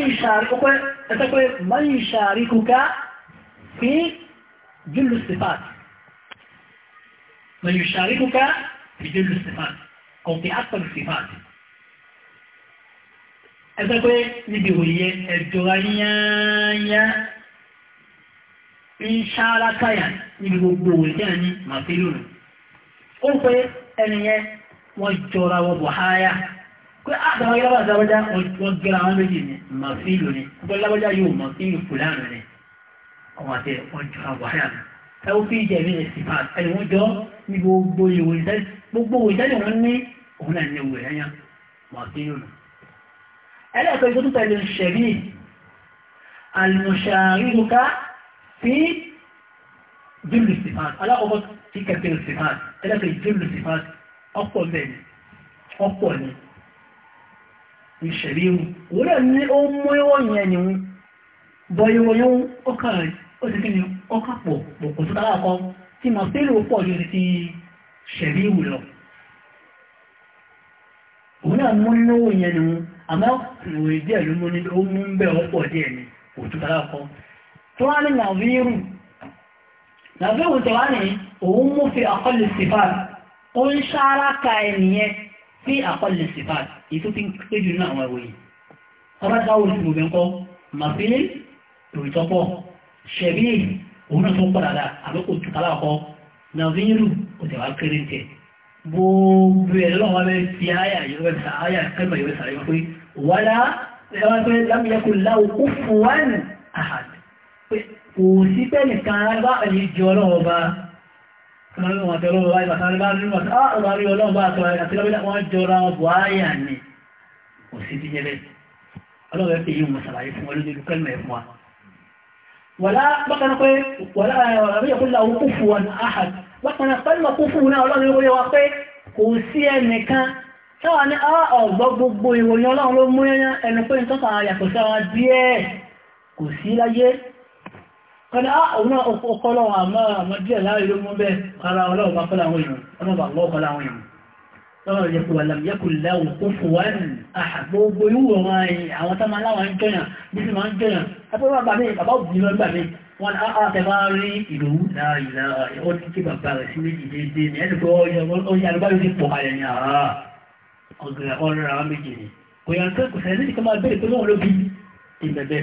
yusharikuka e fi jùlù sifat man yusharikuka fi jùlù sifat kò fi akpọ̀ sifat ẹgbẹ́ pé níbi òye ẹ̀jọra yányá ń ṣára káyà níbi gbogbo òwe tí a ní màfílù ó pé ẹniyẹ wọ́n jọra wọ́n bọ̀ háyà pé àtàwọn yára lábájá wọ́n gẹ́ra wọn méjì ní màfíìlù ni pé lábájá yóò màfíìlù fúlànà ni ọmọ àti wọn jọ àwárà mi ẹwọ́n fi jẹ́ mi ẹ̀sìn bá ẹni wọ́n jọ ní jùlù sífàt alákọ̀ọ́kọ́ sí kẹfẹ́ sífàt ẹlẹ́ẹ̀kọ́ jùlù sífàt ọ̀pọ̀ bẹ́ẹ̀ ni ọ̀pọ̀ ìṣẹ̀ríru òun náà ní ó mú ìwọ̀n yẹn ni wọn bọ ìwọ̀n yẹn ọkà rẹ̀ ó ti kí ni ọkà pọ̀ pọ̀ tó dára kọ tí màá fẹ́lẹ̀ ó pọ̀ lórí ti ṣẹ̀ríru lọ òun náà mú nínú ìwọ̀n yẹn ni wọn àmọ́ ìwọ̀n díẹ̀ ló mú ní ó mú ń bẹ̀ ọ̀pọ̀ díẹ̀ ni kò tó dára kọ tó wá ní nàvírù nàvírù tó wá òun mú fi àkọlù sífà ó ń ṣáárá ka ẹnìyẹn fi àkọlẹ̀ sifat ètò tí ń péjú nínú àwọn ìwòye ọbátá wo ní gbogbo ẹ̀kọ́ màfílẹ̀ tòrítọ́pọ̀ ṣẹ̀bílẹ̀ òun náà tó ń padà àbí kò tù kálá ọkọ nàvírù kò tẹ̀wá kéré tẹ̀ gbogbo ẹ̀ lọ́wọ́ bẹ́ẹ̀ fi àyà yorùbá àyà kẹ́mà yorùbá sàrẹ́ pé wàlá ẹ̀wá pé lámìyẹ́kù kò sí bẹ́ẹ̀ nìkan rárá ẹ̀yìn ọlọ́wọ́ bá wọn tẹ́lọ wọ́n bá tàbí bá rí wọ́n bá rí ọlọ́run bá tọ́ àti lọ́bílá wọ́n jọra wọn bọ̀ áyà ní kò sí ti jẹ́bẹ̀ ọlọ́run ẹ̀fẹ́ yìí mọ̀ sàlàyé fún ọlọ́dún ìlú kẹ́lùmẹ̀ fún wa wọ́lá bákan pé wọ́lá àbíyàkó láwọn kú fún wọn àhàd bákan pẹ́lú kú fún náà ọlọ́run ìwòye wa pé kò sí ẹnìkan táwa ní ọgbọ́ gbogbo ìròyìn ọlọ́run ló mú ẹni pé ń tọ́ka yàtọ̀ sára díẹ̀ kò sí láyé kọ́nà ah, àwọn ọkọ̀lọ́wọ́ àmọ́ àwọn díẹ̀ láàrin ló mọ́ bẹ́ẹ̀ ara ọlọ́wọ́ bá kọ́lá àwọn èèyàn ọmọ bá wọ́ kọ́lá àwọn èèyàn lọ́rọ̀ yẹ kò wà làm yẹ kò láwọ̀ tó fòwán àgbogbo ah, ìwò àwọn tó máa láwọn jọyàn bí sí máa ń jọyàn abẹ́wà bàbá bàbá òbí lọ gbà mí wọn àtẹ ah, bá rí ìlú láàrínlá ó ti kí bàbá rẹ̀ sí méjì déédéé ní ẹni pé yóò ti pọ̀ kalẹ̀ ní àrá ọ̀gẹ̀rẹ̀ ọ̀rẹ́ méjì ni kò yàn tó kò sẹ́ni kí máa bẹ̀rẹ̀ pé wọ́n ló ìbẹ̀bẹ̀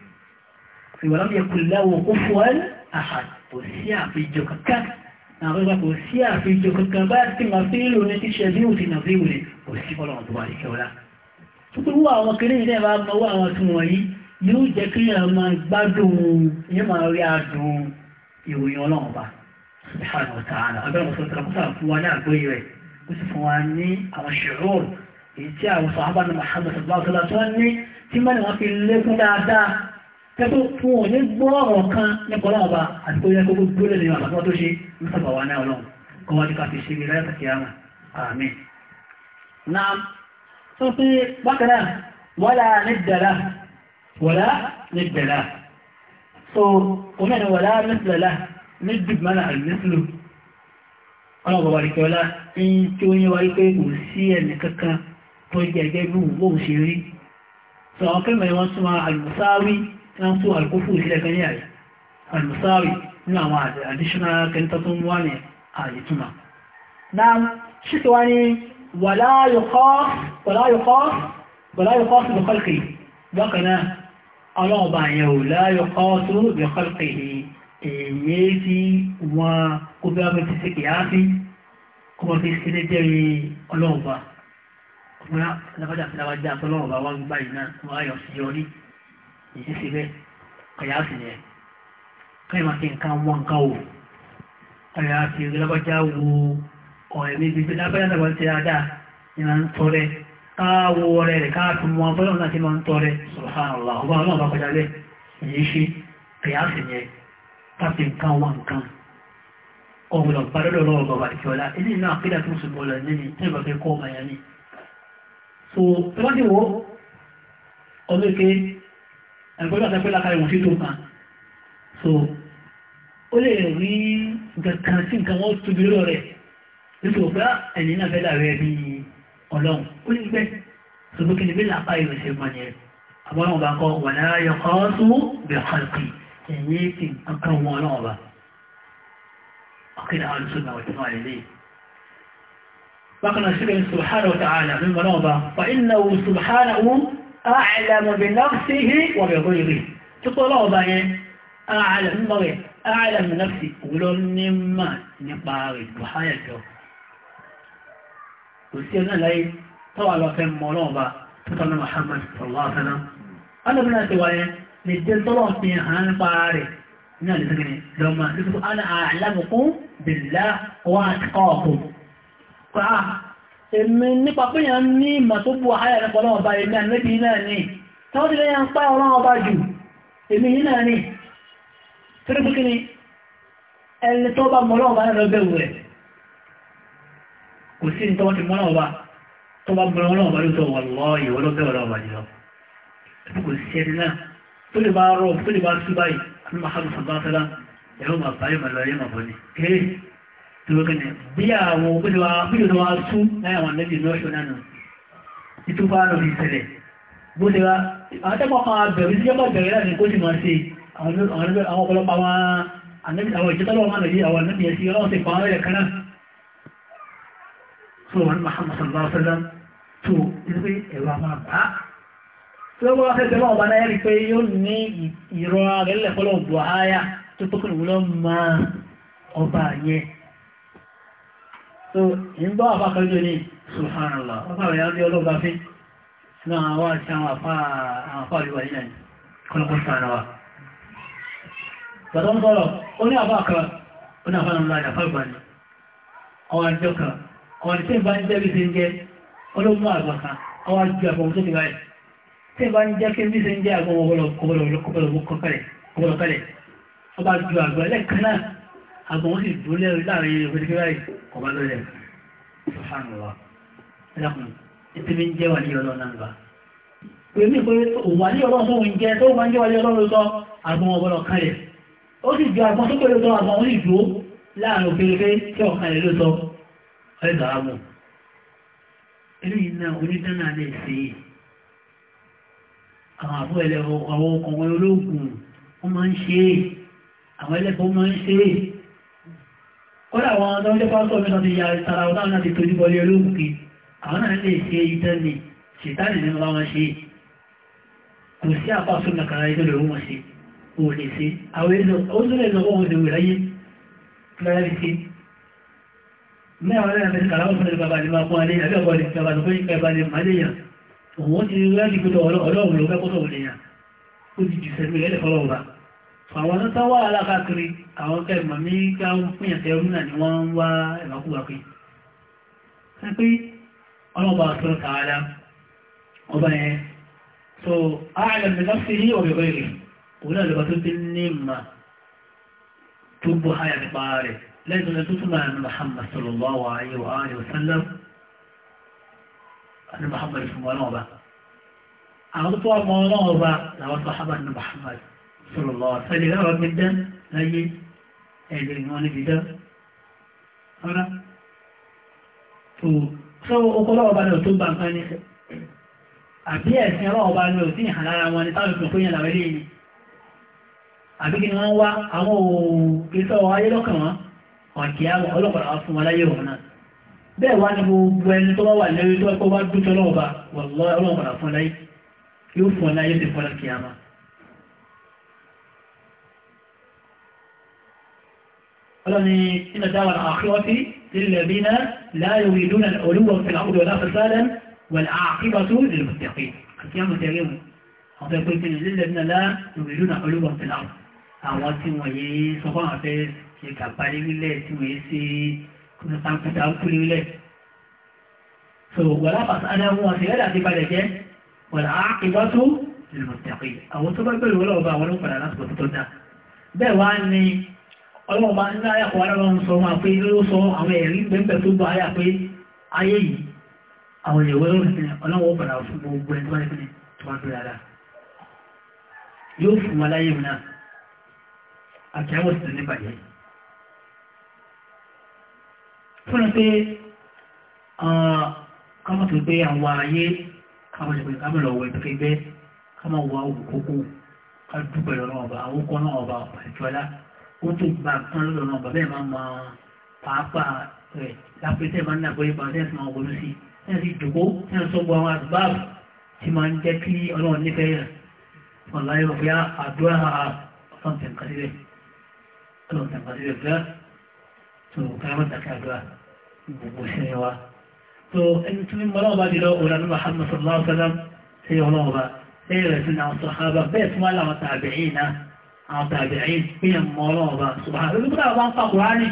ìwọ̀lọ́mí ẹkùnlẹ́wọ̀ kúfùwẹ́l àhàd kò sí àfijọ kankan àwọn kò sí àfijọ kankan bá ti ma fi lò ní tíṣẹ́ bí ò ti nà fi wùlẹ̀ kò sí fọ́lọ̀wọ̀n tó wà ní kẹwàá tuntun wọ àwọn kiri ilẹ̀ bá mọwọ́ tẹ́tọ́ fún òní gbọ́ ọ̀rọ̀ kan nípa ọlọ́ọ̀bá àti kó yẹ kókó gbólẹ̀ ní àbàbọ́ tó ṣe ń sọ̀bà wà náà ọlọ́run kọ́ wájú ká fi ṣe mi láyé kàkí àmà àmì na tó fi bákaná wọ́lá nígbẹ̀lá wọ́lá nígbẹ̀lá so omẹ́ni wọ́lá nígbẹ̀lá ní dìbìmọ́lá àìníṣlò ọlọ́ọ̀bá wà ríkẹ́ ọlá ń tí ó yẹ wáyé pé kò sí ẹnì so àwọn kẹ́mẹ̀rẹ̀ wọ́n súnmọ́ wọ́n tó alkúfù sílẹ̀ kan ní àyè almusawi ní àwọn additional kẹntọ́tún wà ní àyè túnmà náà ṣíkẹ wá ní wàlá yọkọ́ sí bọ̀kọ́lùkì bákanáà ọlọ́ọ̀bà àyẹ̀wò láyọkọ́ tó bọ̀kọ́lùkì èyí tí wọ́n kó bí wọ́n ti síkì á sí kọmọ fi sí ní jẹ́rí ọlọ́ọ̀bà ọmọ lábájá àti lábájá yìí ṣe bẹ́ẹ̀ kàyáàsì ni ẹ̀ káyọ̀ máa fi nǹkan wọ́n nǹkan wò kàyáàsì lábájá wo ọ̀rẹ́ mi bíi lábájá náà wọ́n dáadáa ni máa ń tọrẹ káàwọ̀ ọ̀rẹ́ rẹ̀ káàfi mọ́ abọ́lọ́ náà ti máa ń tọrẹ subhanallah ọba náà bá kọjá lẹ̀ ilé ìlú àpílà tó sì lọ nínú tí ìbá fẹ́ kọ́ ọmọ yẹn ni so tí wọ́n ti wọ́ ọmọ ìkẹ́ ẹ̀gbọ́dọ̀ sọ pé lákàrẹ̀ wọ̀n sí tó kan so ó lè rí nǹkan sí nǹkan wọ́n tóbi lọ́rọ̀ rẹ̀ nítorí pé ẹ̀yìn náà fẹ́ dàrẹ́ bí ọlọ́run ó lè gbẹ́ ṣùgbọ́n kí ni bí làpá ìwé ṣe mọ́ ni ẹ̀ àbọ́lọ́run bá kọ́ wà náà yọ kọ́ tó bẹ̀ kọ́lùkì ẹ̀yìn tí nǹkan wọn ọlọ́run bá ọkẹ́lẹ̀ àwọn olùsọ́nà أعلم بنفسه وبغيره تقول الله أعلم بغير أعلم نفسي ولن ما نباري بحياته وسيرنا لي طبعا لو كان مولوبا تقول محمد صلى الله عليه وسلم أنا بنا سوايا نجل طلعت من هان باري نالي سكني لما أنا أعلمكم بالله وأتقاكم فأه èmi nípa pé ní ìmọ̀ tó bu àháyà nípa ọlọ́run ọba èmi ànẹ́bí náà ni táwọn ti lẹ́yìn pa ọlọ́run ọba jù èmi yìí náà ni torí pé kí ni ẹni tó bá mọ́ ọlọ́run ọba náà lọ bẹ̀rù rẹ̀ kò sí ní tọ́wọ́ ti mọ́ ọlọ́run ọba tó bá mọ́ ọlọ́run ọba ló sọ wọ́n lọ ìwọ ló bẹ̀rù ọlọ́run ọba jù lọ kò sí ẹni náà tó lè bá rọ tó lè bá sú báyìí àmì màhàlù lókèlè bí àwọn obìnrinwá tú láyàwọn lẹ́bí lọ́ṣọ́ náà ìtúfà lórí ìṣẹ̀lẹ̀ bó lè wá àwọn tẹ́kọ̀ọ́ kan abẹ̀rẹ̀ sí jẹ́kọ̀ bẹ̀rẹ̀ láti kó sì máa ṣe àwọn ọ̀pọ̀lọpọ̀ àwọn ìjẹ́tọ́lọ́wọ́ máa lè yí àwọn ànábì ẹ̀sí ọlọ́run ti pa àwọn ẹ̀kan náà tó wọn Muhammad sallallahu alaihi wasallam tó ìwé ẹ̀rọ àwọn àbá tí ó wọ́n fẹ́ bẹ̀rẹ̀ ọba náà rí pé yóò ní ìrọ̀ rẹ̀ lẹ́kọ́lọ́ so yìí bá àfá kan jọ ní subhanallah ọpá rẹ̀ yàrí ọlọ́gbà fi náà wá sí àwọn àfá àríwá yìí náà kọlọ̀kọ́ sàánà wa bàtọ́ ń bọ́rọ̀ ó ní àfá kan ó ní àfá nàmúlá àfá ìgbà ni ọwọ́ àjọ kan ọwọ́ ní tí ìbá ń jẹ́ bí ṣe ń jẹ́ àgbà kan agbọ̀n sì dúlé láàrin ìwédíkẹ́ báyìí kọba lórí ẹlẹ́kùn ètò jẹ́ wà ní ọlọ́run náà pé ní ọlọ́run tó ń jẹ́ tó máa ń jẹ́ wà ní ọlọ́run lọ agbọ̀n ọgbọ́n kalẹ̀ ó sì ju agbọ̀n tó pẹ̀lú tọ́ agbọ̀n ó sì dúró láàrin òkèrèké tí ọ̀kan rẹ̀ ló sọ ọ̀rẹ́ dàámù eléyìí náà onídánà lè ṣe àwọn kọ́lá àwọn ọdọ́jẹ́ pásọ̀ mẹ́ta ti ya ìtara ọ̀dá náà ti tojú bọlé olóòkè àwọn náà lè ṣe ìtẹ́ ni ṣètàlì nínú bá wọn ṣe kò sí àpásọ̀ nàkàrà ìtọ́ lè wọ́n ṣe ò lè ṣe àwọn èdè òṣèlè lọ́wọ́ wọn lèwè láyé lára ti ṣe mẹ́wàá lẹ́yìn àti kàrà ọ̀fẹ́ bàbá ni máa kún alẹ́ àbí àwọn kẹrìmọ̀ ní káwọn fún ìyàtẹ̀ orí náà ni wọ́n ń wá ìwàkúwà pé pé ọlọ́ọ̀bà ọ̀tọ́ tààdá ọba yẹn so ààrẹ̀ mẹ́ta sí ní ọ̀rẹ̀rẹ̀ rẹ̀ òun náà lọ́ba tó ti ní ìmà tó bọ́ háyà nípa rẹ̀ lẹ́gbẹ̀ẹ́ tó túnmà ní Muhammad sallallahu alaihi wa alihi wa sallam ní Muhammad fún wọn ọba àwọn tó wà mọ́ ọlọ́ọ̀ba làwọn sọ Muhammad sallallahu alaihi wa sallam láyé ẹ̀lẹ̀ ìwọ̀n níbi dá ọ̀rá tó sọ ọkọ̀lọ́wọ́ bá lọ tó bá nǹkan ní àbí ẹ̀sìn ọlọ́wọ́ bá lọ sí ìhàlára wọn ní táwọn ìpínlẹ̀ ìyàlá wẹ́lẹ́ yìí àbí kí wọ́n wá àwọn òkèsọ́ ayé lọ́kàn wọn ọ̀kì ọlọ́pàá fún wọn láyé wọn wọ́n kìí فلني إن دار آخرة للذين لا يريدون الألوة في العبود ولا فسادا والعاقبة للمتقين القيامة تريم أعطي قلت إن للذين لا يريدون الألوة في العبود أعواتي مويي صفا عفيس في كباري ولا تميسي كنت قام كتاب كل ولا so, ولا فس أنا مو أسير لأتي بالك والعاقبة للمتقين أو تبقى بلولو بأولو فلا نصبت تلتا بيواني ọlọ́run bá nílá ayàpọ̀ aláwọ̀n sọ wọn pé ló sọ àwọn ẹ̀rí pẹ́pẹ́ tó bá ayà pé ayé yìí àwọn ìyẹ̀wẹ́ fúnra pé kámọ́ tó gbé àwọn ayé kámọ́ tó gbé kámọ́ lọ wọ ìpínlẹ̀ kámọ́ wọ àwọn òkókó ká dúpẹ́ lọ́wọ́ ọba àwọn òkó ọba ìjọ́lá kó tó gba kan lọ́dọ̀ náà bàbá ẹ̀ máa ma pàápàá rẹ̀ lápẹ́tẹ́ máa ń dàgbọ́ yípa ẹ̀ máa wọlé sí ẹ̀ sì dùgbò ẹ̀ sọ gbọ́ àwọn àdúgbàbù tí máa ń jẹ́ kí ọlọ́run nífẹ̀ẹ́ yẹn ọ̀la yóò fi àdúrà ọlọ́run tẹ̀ǹkan sílẹ̀ ọlọ́run tẹ̀ǹkan sílẹ̀ fẹ́ tó káyọ̀mọ́ tàkẹ́ àdúrà gbogbo sẹ́yìn wa tó ẹni tí mo lọ́wọ́ bá di lọ́wọ́ ọ̀la ní Muhammad sallallahu alaihi wa sallam ṣe ọlọ́wọ́ bá ṣe rẹ̀ sí àwọn sọ̀hábà bẹ́ẹ̀ tí wọ́n láwọn tàbí náà àwọn tàbí ẹ̀yìn pínyàn mọ́ ọlọ́run bá ṣùgbọ́n àwọn olùkúta bá ń pa kùránì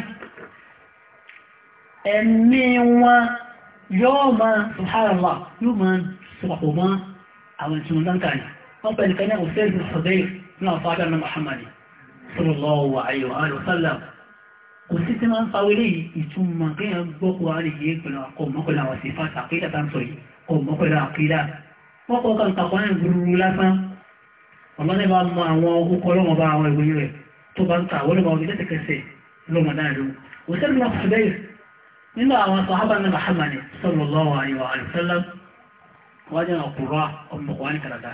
ẹ̀mí wọn yóò máa ṣùhárànwà yóò máa ṣùpapọ̀ mọ́ àwọn ìtumọ̀ lọ́nkà ni wọ́n pẹ̀lú kan náà òṣèlú ṣọ̀dẹ́ sí tí máa ń fawilé ìtumọ̀ kéèyàn gbọ́ kùránì yìí pẹ̀lú àkọ́mọ́kọ̀lá àwọn sì fà àmọ́ ní bá mọ àwọn orúkọ ọlọ́mọ bá àwọn ìròyìn rẹ̀ tó bá ń ta àwọn olùmọ̀ ọdún sallallahu alaihi wa sallam wọ́n jẹ́ ọ̀pùrọ̀ ọmọkùnrin kàràdá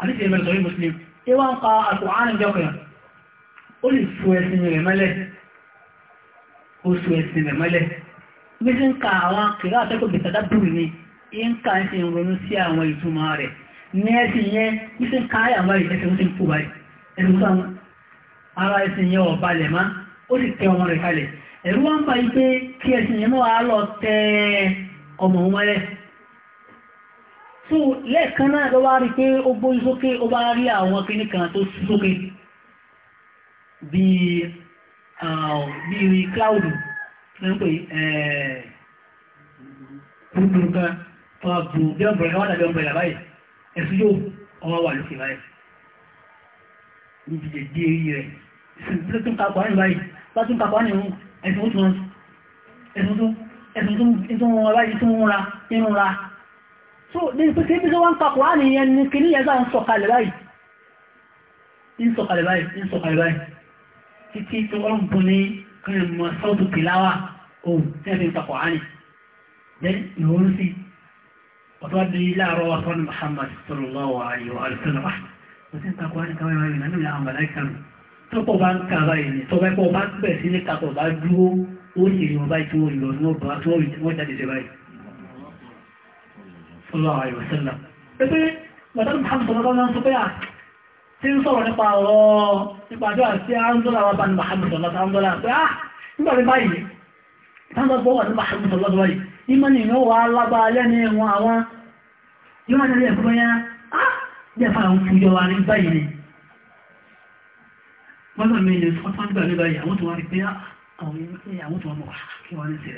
àti ìmẹ̀lẹ̀ sọ̀rí muslim ìwọ́n ń pa àtùwárìn jọ́kìnà ó lè fò ẹ̀sìn rẹ̀ mẹ́lẹ̀ ó fò ẹ̀sìn rẹ̀ mẹ́lẹ̀ bí sí ń ka àwọn kìrá àtẹ́kọ̀ọ́ bìtàdá dùn ní ń ka ń ní ẹ̀sìn yẹn ní sí káyà báyìí ẹ̀sìn ó sì kú báyìí ẹ̀rù sáà ara ẹ̀sìn yẹn ọ̀bá lẹ̀ má ó sì tẹ ọmọ rẹ̀ kalẹ̀ ẹ̀rù wá ń fa yí pé kí ẹ̀sìn yẹn náà lọ tẹ ọmọ òun mọ́lẹ̀ so lẹ́ẹ̀kan náà ló wá rí pé ó gbóyún sókè ó bá rí àwọn kíní kan tó sókè bíi bíi cloud ń pè ẹ̀ẹ́ gbogbo nǹkan tó a bù bí ọ̀bẹ̀rẹ̀ wọ́n dàbí ọ̀bẹ̀rẹ̀ báyìí ẹ̀sùn yóò ọmọ wà lókè báyìí ní ti dèdè eré rẹ̀ ìsìn tó ń kakọ̀ ánì báyìí bá tún kakọ̀ ánì ẹ̀sùn tó ń tó wọn báyìí tó ń ra ra so ní pé kí ní sọ wọn kakọ̀ ánì yẹn ní kí ní yẹn sáà ń sọ̀kalẹ̀ báyìí ń sọ̀kalẹ̀ báyìí ń sọ̀kalẹ̀ báyìí títí tó ń bu ní kí ni mọ̀ sọ́ọ̀tù وتودي إلى رسول محمد صلى الله عليه وسلم وسين تقوان كما يمين أنه يا ملائكة tọ́pọ̀ bá ń ka báyìí ni tọ́pẹ́ pọ̀ bá ń bẹ̀ sí ní kakọ̀ bá dúró ó sì rí ọba tí wọ́n lọ ní ọba tí sallallahu alaihi wasallam pẹ́pẹ́ mọ̀tàlù Muhammad sọ̀rọ̀ lọ́nà sọ pé à ah, tí ń sọ̀rọ̀ nípa ọ̀rọ̀ nípa àjọ àti àńdọ́là wa bá ní Muhammad sọ̀rọ̀ lọ́nà pé à ah, nígbà tí báyìí táwọn bọ́ wà ní Muhammad sọ̀rọ̀ lọ́nà ìmọ̀ni yóò wá lágbára lẹ́nu wọn àwọn yóò wá nílé ẹ̀fọ́ yẹn jẹ́fà àwọn fújọ wa ní báyìí ni wọ́n lọ mi ní fọ́tán gbà báyìí àwọn tó wá rí pé àwọn àwọn tó wá mọ̀ kí wọ́n ní sí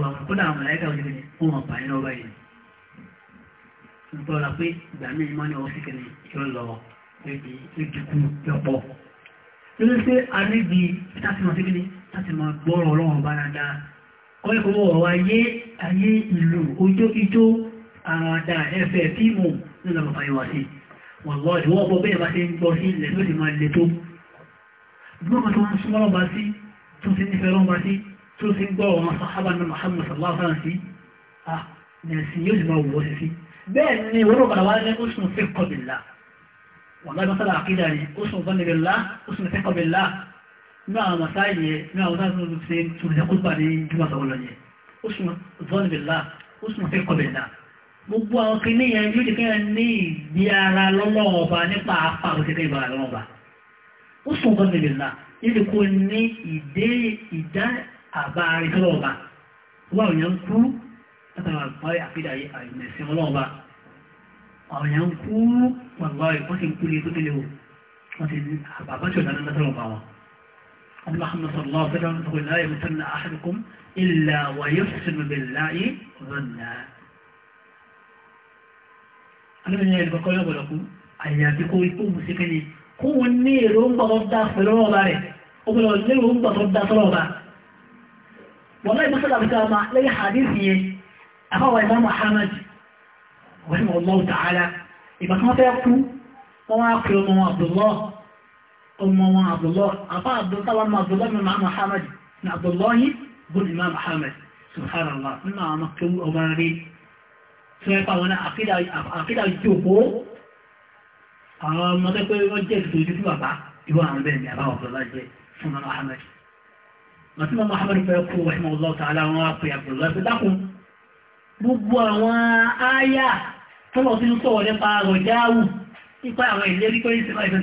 wa kódà àwọn ẹ̀ka òjò gbọ́ra pé ìgbà míì mọ́ ní ọwọ́ sí kìnnì yóò lọ níbi ìdíkù lọ́pọ̀. nínú pé a níbi láti mọ̀ sí kìnnì láti mọ̀ gbọ́rọ̀ ọlọ́run bá dáadáa wọ́n ní kọ́wọ́ ọ̀rọ̀ ayé ayé ìlú ojó ijó àràdà ẹ̀fẹ̀ fíìmù nínú ọmọ fàyẹ̀wà sí wọ́n lọ ìwọ́ ọgbọ́ bẹ́ẹ̀ bá ṣe ń gbọ́ sí ilẹ̀ tó sì máa le tó gbọ́n tó ń ti ah, máa wọ́ sí sí bẹ́ẹ̀ ni wọ́n padà wá ní oṣù fẹ́kọ̀bìlá wọ́n gbádùn sára àkídà ní oṣù fẹ́kọ̀bìlá oṣù fẹ́kọ̀bìlá ní àwọn masáyì yẹ ní àwọn sáyì tó ṣe tùmùlẹ̀ kúrúbà ní jùmọ̀ sọ̀rọ̀ yẹ oṣù fẹ́kọ̀bìlá oṣù fẹ́kọ̀bìlá gbogbo àwọn kìíní yẹn yóò ní ìgbé ara lọ́wọ́ ọba kú látara àgbáyé àfídà àìmẹ̀sìn ọlọ́ọ̀bá àwọn èèyàn ń kú pàlọ́ ìpọ́n sí ń kú ní tó délé o wọ́n ti ní àbábájọ̀ dáná látara ọba wọn أن محمد صلى الله عليه وسلم يقول لا يمتن أحدكم إلا ويحسن بالله ظنا أنا من يلي بقول لكم àyàfi kó ikú mùsíkí ni kó wọn ní èrò ń bọ̀rọ̀ dá fẹ́lọ́rọ̀ ọba rẹ̀ ọgbọ̀n lérò ń bọ̀rọ̀ dá fẹ́lọ́rọ̀ ọba wọ́n láì mọ́sálà bí sáà máa lẹ́yìn hadith yẹn أما إمام محمد رحمه الله تعالى إذا كما تيقتو وما يقتل أمام عبد الله أمام عبد الله أبا عبد الله وما عبد الله من إمام محمد من عبد الله بن إمام محمد سبحان الله مما مكتو أمامي سوف أنا أقيد أقيد أجوبه ما تقول وجه سوف يجب أبا يبا عمل بني أبا عبد الله جي سبحان الله محمد ما تقول محمد فيقتو رحمه الله تعالى وما يقتل عبد الله فدقوا gbogbo àwọn ááyà tó lọ sínú sọ̀rọ̀ nípa rọ̀jáwù nípa àwọn ìlérí pé ìṣẹ̀lá ìfẹ́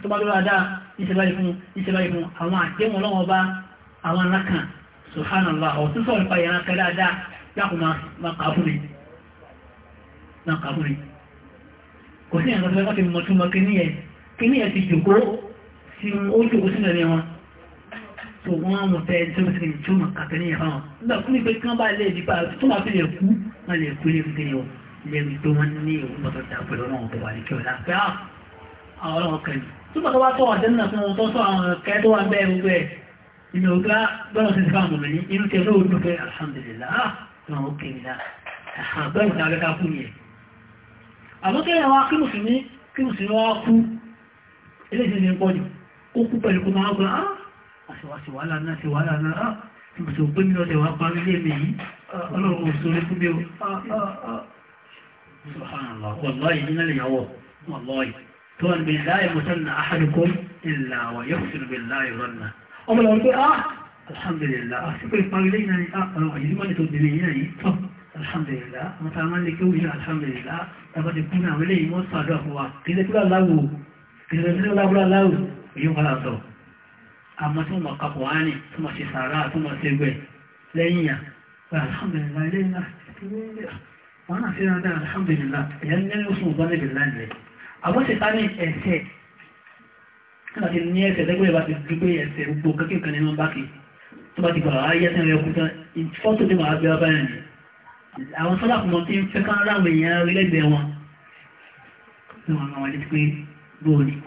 tó bá lọ́wọ́ dáa ìṣẹ̀lá ìfún ìṣẹ̀lá ìfún àwọn àjẹ́wọn lọ́wọ́ bá àwọn alákan subhanallah ọ̀tún sọ̀rọ̀ nípa ìyàrá kan dáadáa yàkùn máa kàfúrí náà kàfúrí kò sí ìyàrá kan tó fẹ́ kí mọ̀túnmọ̀ kí ní ẹ̀ ti jòkó sí ó jòkó sínú ẹ̀mí wọn tó wọ́n mọ̀ fẹ́ tó ti rìn tó mọ̀ kàtẹ́ni hàn nígbà fún mi pé kán bá lè di pa tó máa fi lè kú wọ́n lè kú lè fi o lè rí pé wọ́n ní òun gbọ́dọ̀ dá pẹ̀lú ọ̀nà ọ̀bọ̀ wà ní kí ọ̀la ah, tó bàtọ́ alhamdulillah ah, náà ó kéré náà àgbẹ̀rù náà gẹ́gẹ́ fún yẹn àmọ́ kẹ́rẹ̀ wá kí mùsùlùmí kí mùsùlùmí wá kú eléyìí ní pọ́jù ó pẹ̀lú kó máa gbọ́n ah, àṣewàṣe wàhálà náà ṣe wàhálà náà ìbùsùn ah, pé mi lọ́sẹ̀ wá parí lé mi yìí ah, ọlọ́run ò sórí fún mi o ah, subhanallah wallahi iná lè yàwọ̀ wallahi tó wà níbi láì mọ̀tánà ahadukum ìlà wà yóò fi níbi láì rọ́nà ọmọ lọ́wọ́ pé ah alhamdulillah àṣepé parí lé náà ni ah ọ̀rọ̀ yìí wọ́n tó délé yìí náà àmọ́ tí wọ́n mọ̀ kapọ̀ wá ní tí wọ́n ṣe sàárà tí wọ́n ṣe gbẹ̀ lẹ́yìn yà pé alhamdulillah ilé ńlá wọn náà ṣe dáadáa alhamdulillah ẹ̀yà ní ẹni oṣù ọ̀gbọ́n níbi ńlá nílẹ̀ àbọ̀ ṣe sáré ẹ̀ṣẹ̀ nígbà tí ní ẹ̀ṣẹ̀ lẹ́gbẹ̀ẹ́ bá ti dúgbé ẹ̀ṣẹ̀ gbogbo kékeré ní wọn bá kì tó bá ti gbọ̀rọ̀ ayé ẹ̀ṣẹ̀ rẹ̀ kúta fọ́tò ní màá gbé wá báyà ni àwọn sọ́dà kùmọ̀ tí ń fẹ́ ká ráwọ̀ èèyàn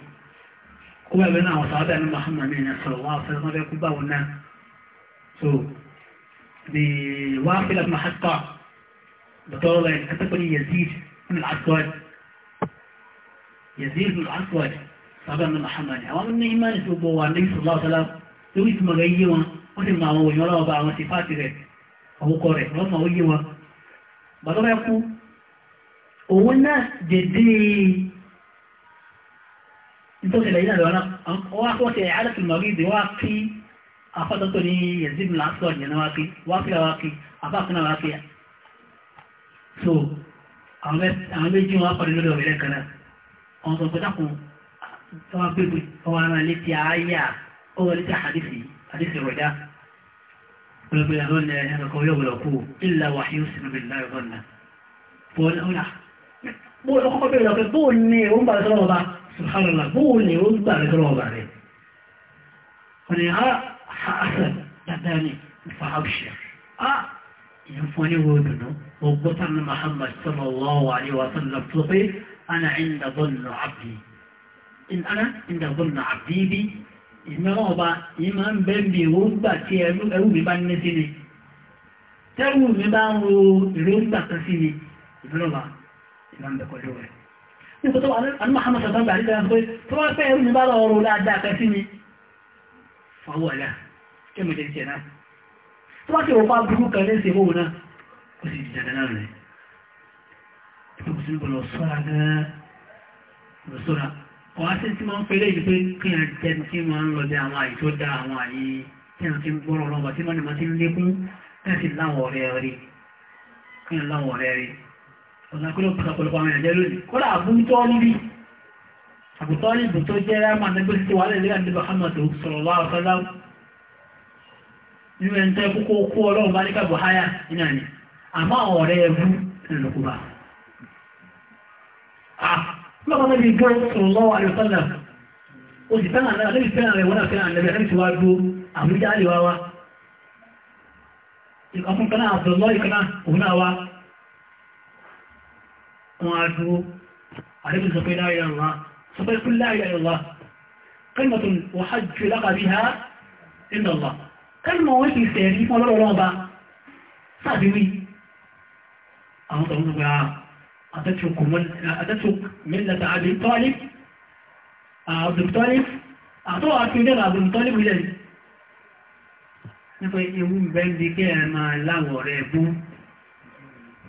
kó bá àwọn sàábẹ́ ní Muhammad ní ẹ̀sọ̀rọ̀ wọn bẹ́ẹ̀ kú bá náà so the wafil ibn Hatta بطولة الكتابة يزيد من العسود يزيد من العسود صعبا من محمد أوام من إيمان سبوه والنبي صلى الله عليه وسلم يويت مغيوة وثم ما nítorí ilẹ̀ ìdàdọ̀ náà wá kọ́ ṣe àádọ́tì mọ̀rídìí wá kí afọ́tọ́tọ́ ní yezid lásọ̀ ìyẹn wá kí wá kí wá kí afáàkúnà wá kí so àwọn méjì wọn kọ́ lórí ọ̀rẹ́lẹ̀ kan náà wọn sọ pé dákun tó wá gbégbé ọwọ́ ara lè ti àáyà ó wọlé sí àdìsí àdìsí rọ̀dá gbogbo ìyàwó ní ẹ̀yàn kan yóò سبحان الله مو اللي يرد على الروض عليه فنها آه، حأخذ تداني الصحاب الشيخ أه ينفوني ودنه وبطن محمد صلى الله عليه وسلم صلقي أنا عند ظن عبدي إن أنا عند ظن عبدي بي إن روضا إمام بمبي ودبا تيامو أو ببنسيني تيامو ببنسيني ربا تسيني ابن الله إمام بكل يوم nítorí àwọn Muhammad ọ̀sán gbà nígbà pé tó wá pẹ́ ẹrù ní bá lọ ọrọ̀ dáadáa pẹ́ sí mi fọwọ́ ẹ̀lá kí mo jẹ́ tiẹ̀ náà tó wá sí òpá burú kan lẹ́sẹ̀ owó náà ó sì jẹ́ dáná rẹ̀ tó kù sí gbọ́dọ̀ sọ́ra gan-an lọ sọ́ra ọ̀wá sí tí máa ń pẹ́lẹ́ yìí pé kí n jẹ́ tí máa ń lọ dé àwọn àyè tó dá àwọn àyè tí wọ́n ti ń gbọ́rọ̀ lọ́wọ́ tí wọ́n ti ń lékún tẹ́sí láwọn ọ̀rẹ́ rí ọ̀nàkúlò pàtàkùlùpọ̀ àwọn ìrìnàjẹ́ lónìí kódà àbúntọ́ níbi àbútọ́ níbi tó jẹ́ rámà nígbé sí wà lẹ́lẹ́ àdébà hamadu sọ̀rọ̀ wá ọ̀sọ́lá nínú ẹni tẹ́ kókó kó ọlọ́run bá níkà buhaya iná ni àmọ́ àwọn ọ̀rẹ́ ẹbú ẹlòkúba lọ́kọ̀ níbi gbọ́ sọ̀rọ̀ lọ́wọ́ àlùfáàlà o sì fẹ́ràn náà lẹ́bi fẹ́ràn rẹ̀ wọ́n náà fẹ́ràn lẹ́bi ẹni tí wá dúró àbújá àlè wá wá ìkọ̀kùn kan náà àbúrò lọ́ wọn á dúró àdébí sọ pé láàrín àwọn sọ pé kúlẹ̀ láàrín àwọn kẹ́lìmọ̀tò wàhá jù lákàbí ha nínú ọ̀la kẹ́lìmọ̀ wọn kìí sẹ̀rí fún ọlọ́rọ̀ ọba sáàbí wí àwọn tọ̀hún gba àtẹ́tùk mílẹ̀tà àbìtọ́lif àbìtọ́lif àtọ́wà fi ní àbìtọ́lif ilẹ̀ nípa ewu bẹ́ẹ̀ bí kẹ́ ẹ̀ máa láwọ̀ rẹ̀ bú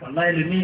wàlá ẹlòmíì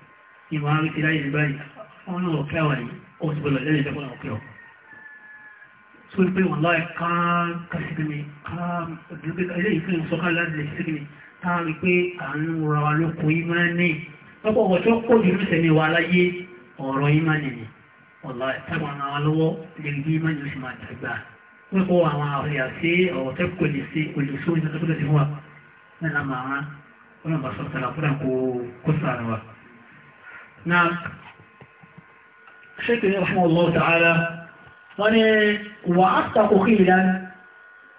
ìmọ̀ àrùn ti láyé báyìí wọ́n náà ọ̀kẹ́ wà yìí ó ti bọ̀lọ̀ lẹ́yìn ìjọba ọ̀kẹ́ ọ̀ so pé wọ́n láì kán kásìkìní kán ìfẹ́ ìsọ́ká láti lè síkìní kán rí pé àánú ra wa lóko ìmánì lọ́pọ̀ ọ̀pọ̀ tó pọ̀ jù lùsẹ̀ ní wa láyé ọ̀rọ̀ ìmánì ni ọ̀la táwọn àwọn lọ́wọ́ lè rí ìmánì oṣù máa dàgbà pípọ̀ àwọn àríyá sí ọ̀rọ̀ tẹ́ kò lè sí kò tó tó tó ti fún wa nínú àmà àwọn ọlọ́mọbàṣọ́ tàlàkúrà kó kó sàrà na ṣékì ní ọmọ ọlọ́ tààrà wọ́n ni wà á tàkò kí ìlà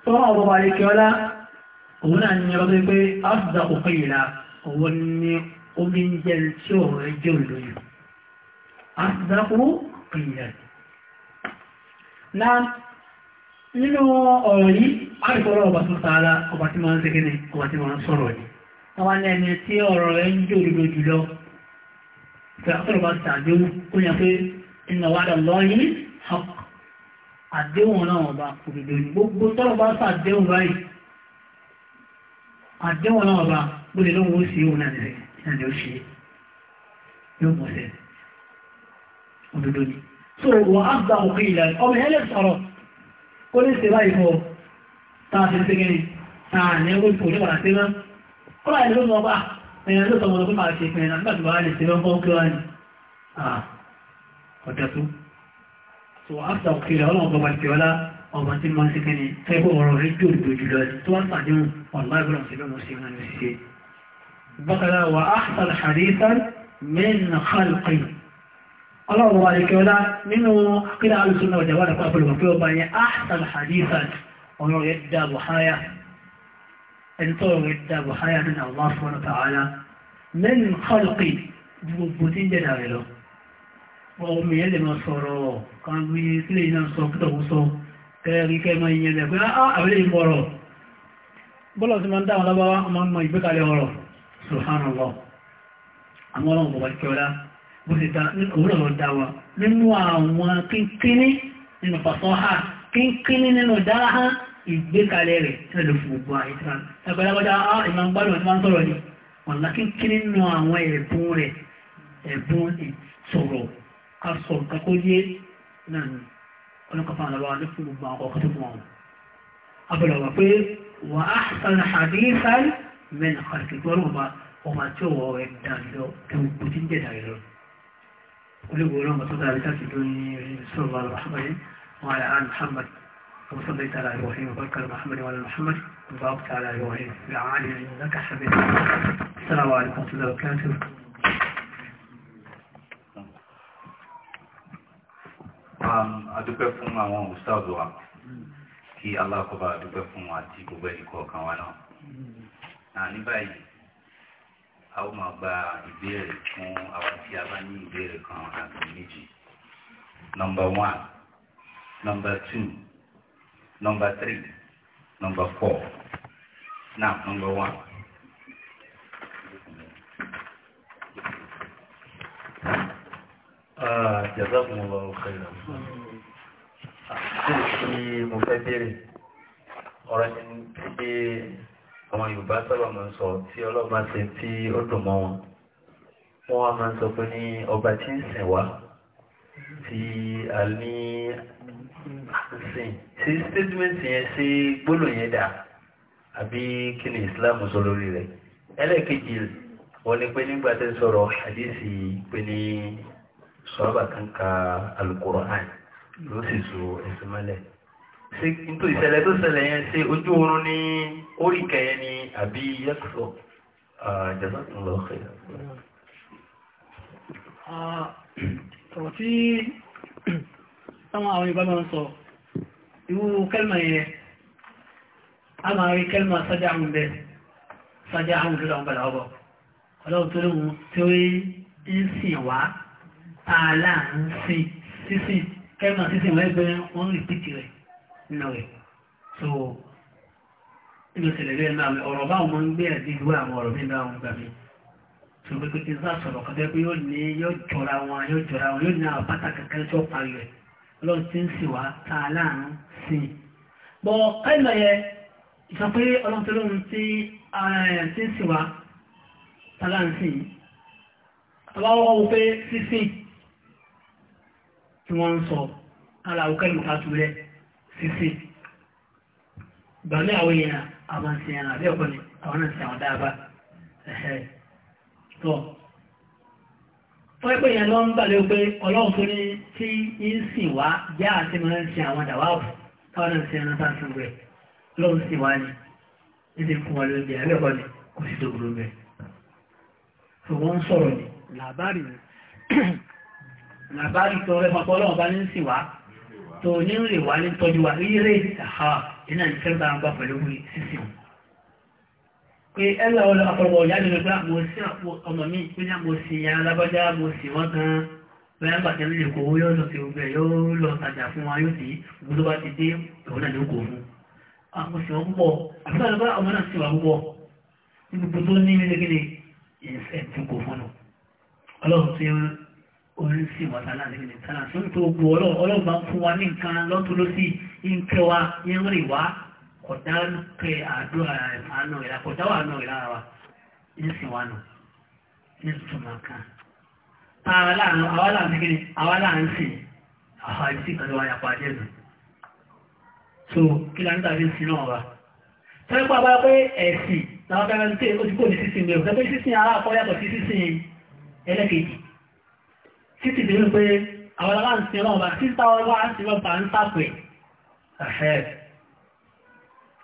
tọ́rọ ọgbọ̀bà ikẹ́ọ́lá òun náà ni ọdún pé á tàkò kí ìlà òun ni omi ń jẹ́ tí ó rẹ̀ jẹ́ olóyìn á tàkò kí ìlà na nínú ọ̀rọ̀ yìí fẹ́ọ̀tọ̀rọ̀ bá ti àdéhùn ó yẹ pé iná wádà lọ́yìn hàn àdéhùn náà ọba òdòdó ní gbogbo tọ́rọ̀ bá ti àdéhùn báyìí àdéhùn náà ọba bó lè lóhun ó sì òun náà ní ó ṣe yóò mọ̀ sẹ́ òdòdó ní. tó wọ àgbà òkè ìlà ọmọ ẹlẹ́ sọ̀rọ̀ kó ní ṣe báyìí fọ táà ti ń ṣe kẹ́ni táà ní ẹgbẹ́ ìfòjú ẹ̀yẹn ló sọmọ lọ́pẹ́ máa ṣe fẹ́ ẹ̀nà nígbàtí wà lè ṣe lọ́gbọ́ kí wá ní ọ̀dẹ̀tú so after òkèrè ọlọ́run gbọmọ ti ọlá ọmọ tí máa ń sẹ́kẹ́ ni tẹ́gbọ́ ọ̀rọ̀ rẹ̀ jò lò jùlọ tó wá sàdéhùn ọ̀nà ìgbọ̀rọ̀ sí lọ́nà sí ọ̀nà ìṣiṣẹ́ bákan wà áṣà àríṣà mẹ́rin kálùkì ọlọ́run wà lè kẹ́ọ́lá nínú akíra alùsùn ẹni tó rẹ̀ dàbò háyà nínú Allah subhanahu wa ta'ala mẹ́rin kọ́lùkì gbogbo tí ń jẹ́ dàrẹ̀ lọ ọmọ ìyẹn lè máa sọ̀rọ̀ kan bí sílé iná sọ kí tọ̀wọ́ sọ kẹrin kẹ máa yẹn lẹ̀ pé ah, ah, àwọn èèyàn bọ̀rọ̀ bọ́lọ̀ sí máa ń dáwọn lábáwá ọmọ ọmọ ìgbékalẹ̀ ọ̀rọ̀ subhanallah àwọn ọlọ́run bọ̀bá kíọ́lá bó ti da òwúrọ̀ lọ dá wa nínú àwọn kínkínní nínú pàṣọ́hà kínkínní nínú dáhán ìgbékalẹ̀ rẹ̀ tẹ́lẹ̀ fún gbogbo àìsàn ẹgbẹ̀lẹ́gbẹ̀dá ìmọ̀ gbádùn àti máa ń sọ̀rọ̀ ní ọ̀nà kíkí nínú àwọn ẹ̀bùn rẹ̀ ẹ̀bùn ìsọ̀rọ̀ kásọ̀ kakóyé náà ni ọlọ́kọ̀fà àlọ́wà ní fún gbogbo àwọn ọkọ̀ tó fún wọn abúlọ̀wà pé wà á san àdéhìsàn mẹ́nà kàrìkì gbọ́rùn ọba ọba tí ọwọ́ rẹ̀ dàrílọ ẹ̀wù kò tí ń jẹ́ dàrílọ olùgbòrán ọmọ tó dára bí sáà ti dún ní sọ̀rọ̀ àlọ́ وصليت على إبراهيم وبارك على محمد وعلى محمد وباركت على إبراهيم وعلى إنك حميد السلام عليكم ورحمة الله وبركاته adúpẹ́ fún àwọn òṣìṣẹ́ wa kí aláàkọ́bà adúpẹ́ fún àti gbogbo ẹni kọ̀ọ̀kan wa náà ní báyìí a ó máa gba ìbéèrè fún àwọn tí a bá ní ìbéèrè kan àti méjì number one number two number three, number four. Now, number one. Ah, Jazakum Allah khairan. Ṣé mo fẹ́ béèrè? Ọ̀rọ̀ ni ṣé àwọn Yorùbá sábà máa ń sọ tí ọlọ́mà ṣe tí ó dùn mọ́ wọn. Wọ́n á máa ń sọ pé ní ọba tí ń sìn wá tí a ní sìn ṣe statement yẹn ṣe gbólò yẹn dà àbí kí ni Islam sọ lórí rẹ̀ ẹlẹ́ẹ̀kejì wọ́n ní pé nígbà tẹ́ sọ̀rọ̀ àdísì pé ní sọ́ọ́bà kan ka Al-Qur'an ló sì so ẹ̀sùn mọ́lẹ̀ ṣe nítorí ìṣẹ̀lẹ̀ tó ṣẹlẹ̀ yẹn ṣe ojú oorun ní oríkẹ̀ yẹn ni àbí yẹ́kùsọ̀ jazakallahu khairan. Ah, ọ̀rọ̀ tí àwọn àwọn Yorùbá máa ń sọ irú kẹ́lmà yẹn a máa rí kẹ́lmà sájá àwọn bẹ sájá àwọn òṣèlú àwọn padà ọbọ̀ ọlọ́run tó lóhun tí ó ń sìn wá tààlà ń sìn sísìn kẹ́lmà sísìn wọ́n ẹgbẹ́ wọn rí pìtì rẹ̀ nínú rẹ̀ so inú ìṣẹ̀lẹ̀ rẹ̀ náà ọ̀rọ̀ báwọn máa ń gbé ẹ̀dí ìlú àwọn ọ̀rọ̀ mi báwọn gbà ṣùgbọ́n pé zá sọ̀rọ̀ kan tẹ́ pé yóò ní yóò jọra wọn yóò jọra wọn yóò ní àwọn pátá kankan tó parí rẹ̀ ọlọ́run ti ń sì wá ta aláàánú sí i. bọ̀ káìlọ̀ yẹ ìsọ pé ọlọ́run tó lóhun tí ti ń sì wá ta aláàánú sí i. àbáwọ̀ wọ́n pé sísìn tí wọ́n ń sọ ara àwọn kẹ́lù ká tulẹ̀ ìgbà ní àwọn èèyàn àwọn sì ẹ̀ràn àbí ọ̀pọ̀ ni àwọn náà sì àwọn dáa bá tọ́ wọ́n pè yẹn lọ ń gbàlẹ́ pé ọlọ́run tó ní tí ń sìn wá yá àti máa ń ṣe àwọn dàwáàbù táwọn náà ṣe ẹran sáà sùn rẹ̀ lọ́run wá ni níbi fún wa lóúnjẹ ẹlẹ́kọ́ ni kò sí tó burú bẹ́ẹ̀ ń sọ̀rọ̀ ni làbárì ni làbárì tó rẹ̀ pàpọ̀ ọlọ́run bá ní ń sìn wá tó ní ń rè wá ní tọ́jú wa rí rè ṣàhà iná bá ń gbà pẹ̀lú sísìn pé ẹ́là ọlọ́ àpọ̀pọ̀ ìyá nínú bá mo sí àpò ọmọ mi pé ní mo sì ya alábọ́já mo sì wọ́n kan bẹ́ẹ̀ ń bàtẹ́ nílé kòwó yóò lọ sí ogun ẹ̀ yóò lọ tajà fún wa yóò sí gbogbo tó bá ti dé òun náà ló kò fún àpò sì wọ́n púpọ̀ àbúrò àlọ́bá ọmọ náà sì wà púpọ̀ ní gbogbo tó ní ilé tí kọ̀dá ń pè àdúrà àánú ìlà kọ̀dá wà náà ìlà wa nísìn wa nù nísìn máa kàn. àwa láà ń sìn àwa láà ń sìn àwọn àìsí kan ló wà yàpá jẹ́ nù. so kí la ń tàbí sí náà wa. sọ́yìn pa bá pé ẹ̀sìn làwọn kan ń pè ó ti kó ní sísìn mi ò fẹ́ pé sísìn ara àkọ́ yàtọ̀ sí sísìn ẹlẹ́kejì. sísìn ti rí pé àwọn aláǹsìn ọlọ́run bá sísìn táwọn wá ń sìn lọ́ba ń sàpè.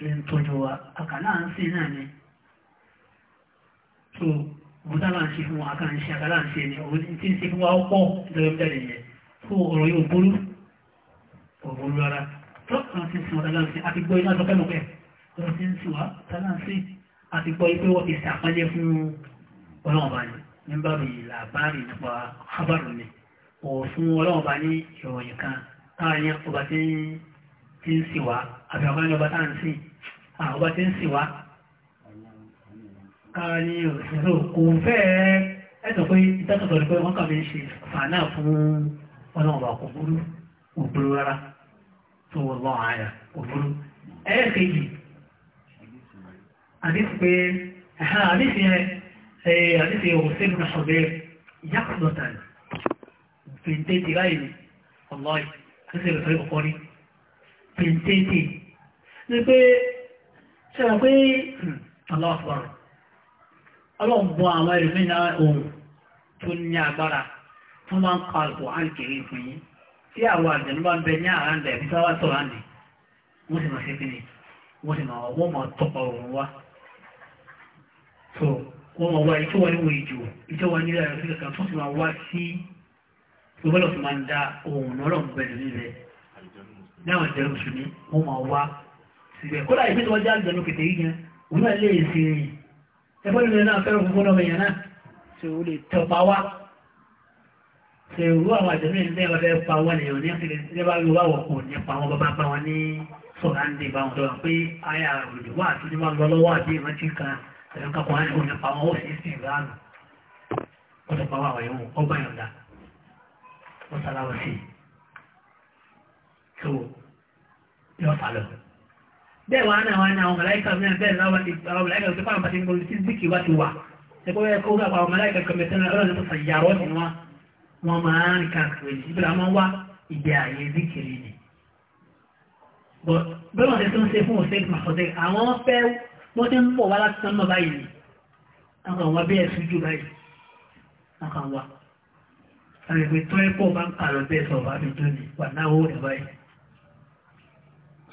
ní tọ́jú wa àkàlà ń sin náà ni tó bùtá là ń ṣe fún wa àkàlà ń ṣe àkàlà ń ṣe ni òun ti ń ṣe fún wa ó pọ̀ lọ́wọ́ bẹ̀rẹ̀ yẹn tó ọ̀rọ̀ yóò burú ọ̀rọ̀ rárá tó ọ̀rọ̀ ti ń sin wa tàlà ń sin àti gbọ́ iná sọ fẹ́ mọ̀kẹ́ ọ̀rọ̀ ti ń sin wa tàlà ń àti gbọ́ ipé wọ́n ti ṣàpẹ́lẹ́ fún ọlọ́ọ̀bá ni nígbà bí làbárì nípa hábàrù ni ò fún ọlọ́ọ̀bá ní ìròyìn kan táàrin ọba tí tí ń sì wá àbí ọ̀gá ìjọba tá à ń sì àwọn tí ń sì wá kára ní òṣèlú kò fẹ́ ẹ̀sọ̀ pé ìtàkùtọ̀ ni pé wọ́n kàmí ṣe fàánà fún ọlọ́ọ̀bà kò burú kò burú rárá tó wọ́n lọ́ àyà kò burú ẹ̀ẹ́kejì àdísì pé àdísì yẹn àdísì òṣèlú náà sọ̀bẹ̀ yàtọ̀ tàn fèntè tìráyìn ọlọ́ọ̀ àdísì òṣèlú pìntìntì ní pé ṣẹ́ra pé aláwọ̀fọ́rọ̀ ọlọ́gbọ́n àwọn ẹlòmínà ohun tó ní agbára tó máa ń ka àlùkò àìkèrè fún yín tí àwọn àjẹ̀nú bá ń bẹ ní àrán ilẹ̀ ibi táwà sọ̀rọ̀ àndì wọ́n sì máa ṣe ni wọ́n sì máa wọ́n máa tọpa òun wá so wọ́n ń da ohun ọlọ́run láwọn ìjẹun mùsùlùmí wọ́n máa wá síbẹ̀ kódà ìbí tí wọ́n já àjọ ní kété yìí yẹn òun náà lè ṣe rìn ẹgbẹ́ ìlú náà fẹ́ràn fún ọmọ èèyàn náà ṣe ò lè tọpa wá ṣe òru àwọn àjẹmí ní ẹgbẹ́ fẹ́ pa wọ́n lèèyàn ní ẹgbẹ́ ìlú bá wọ́n wọ̀ kò ní pa wọn bàbá bá wọn ní sọ̀rọ̀ǹdì bá wọn lọ́wọ́ pé àyà òdì wà tó ní máa lọ́wọ́ àbí ìrántí kan ẹ̀rọ kankan wọn ní so yóò fà lọ. bẹ́ẹ̀ wà á náà wà á náà àwọn màláìka mìíràn bẹ́ẹ̀ náà àwọn màláìka tó fáwọn pàtàkì nǹkan tí zikì wá ti wà ẹ̀kọ́ yẹ kó gbà àwọn màláìka kọ̀mẹ̀tẹ́ náà ọlọ́run tó sàyàrọ́ ni wọ́n wọ́n máa ń káàkiri ìbílẹ̀ àwọn wá ìdí ààyè zikiri ni bẹ́ẹ̀ wọ́n ti tún ṣe fún òṣèlú màfọ́dé àwọn fẹ́ wọ́n ti ń bọ̀ wá láti sánmà báyìí àwọn àwọn abẹ́ ẹ̀sùn jù báyìí àwọn àwọn àwọn ìpè tó ẹ̀pọ̀ bá ń kà lọ bẹ́ẹ̀ sọ̀rọ̀ àbíjọ́ ni wà náà ó rẹ̀ báyìí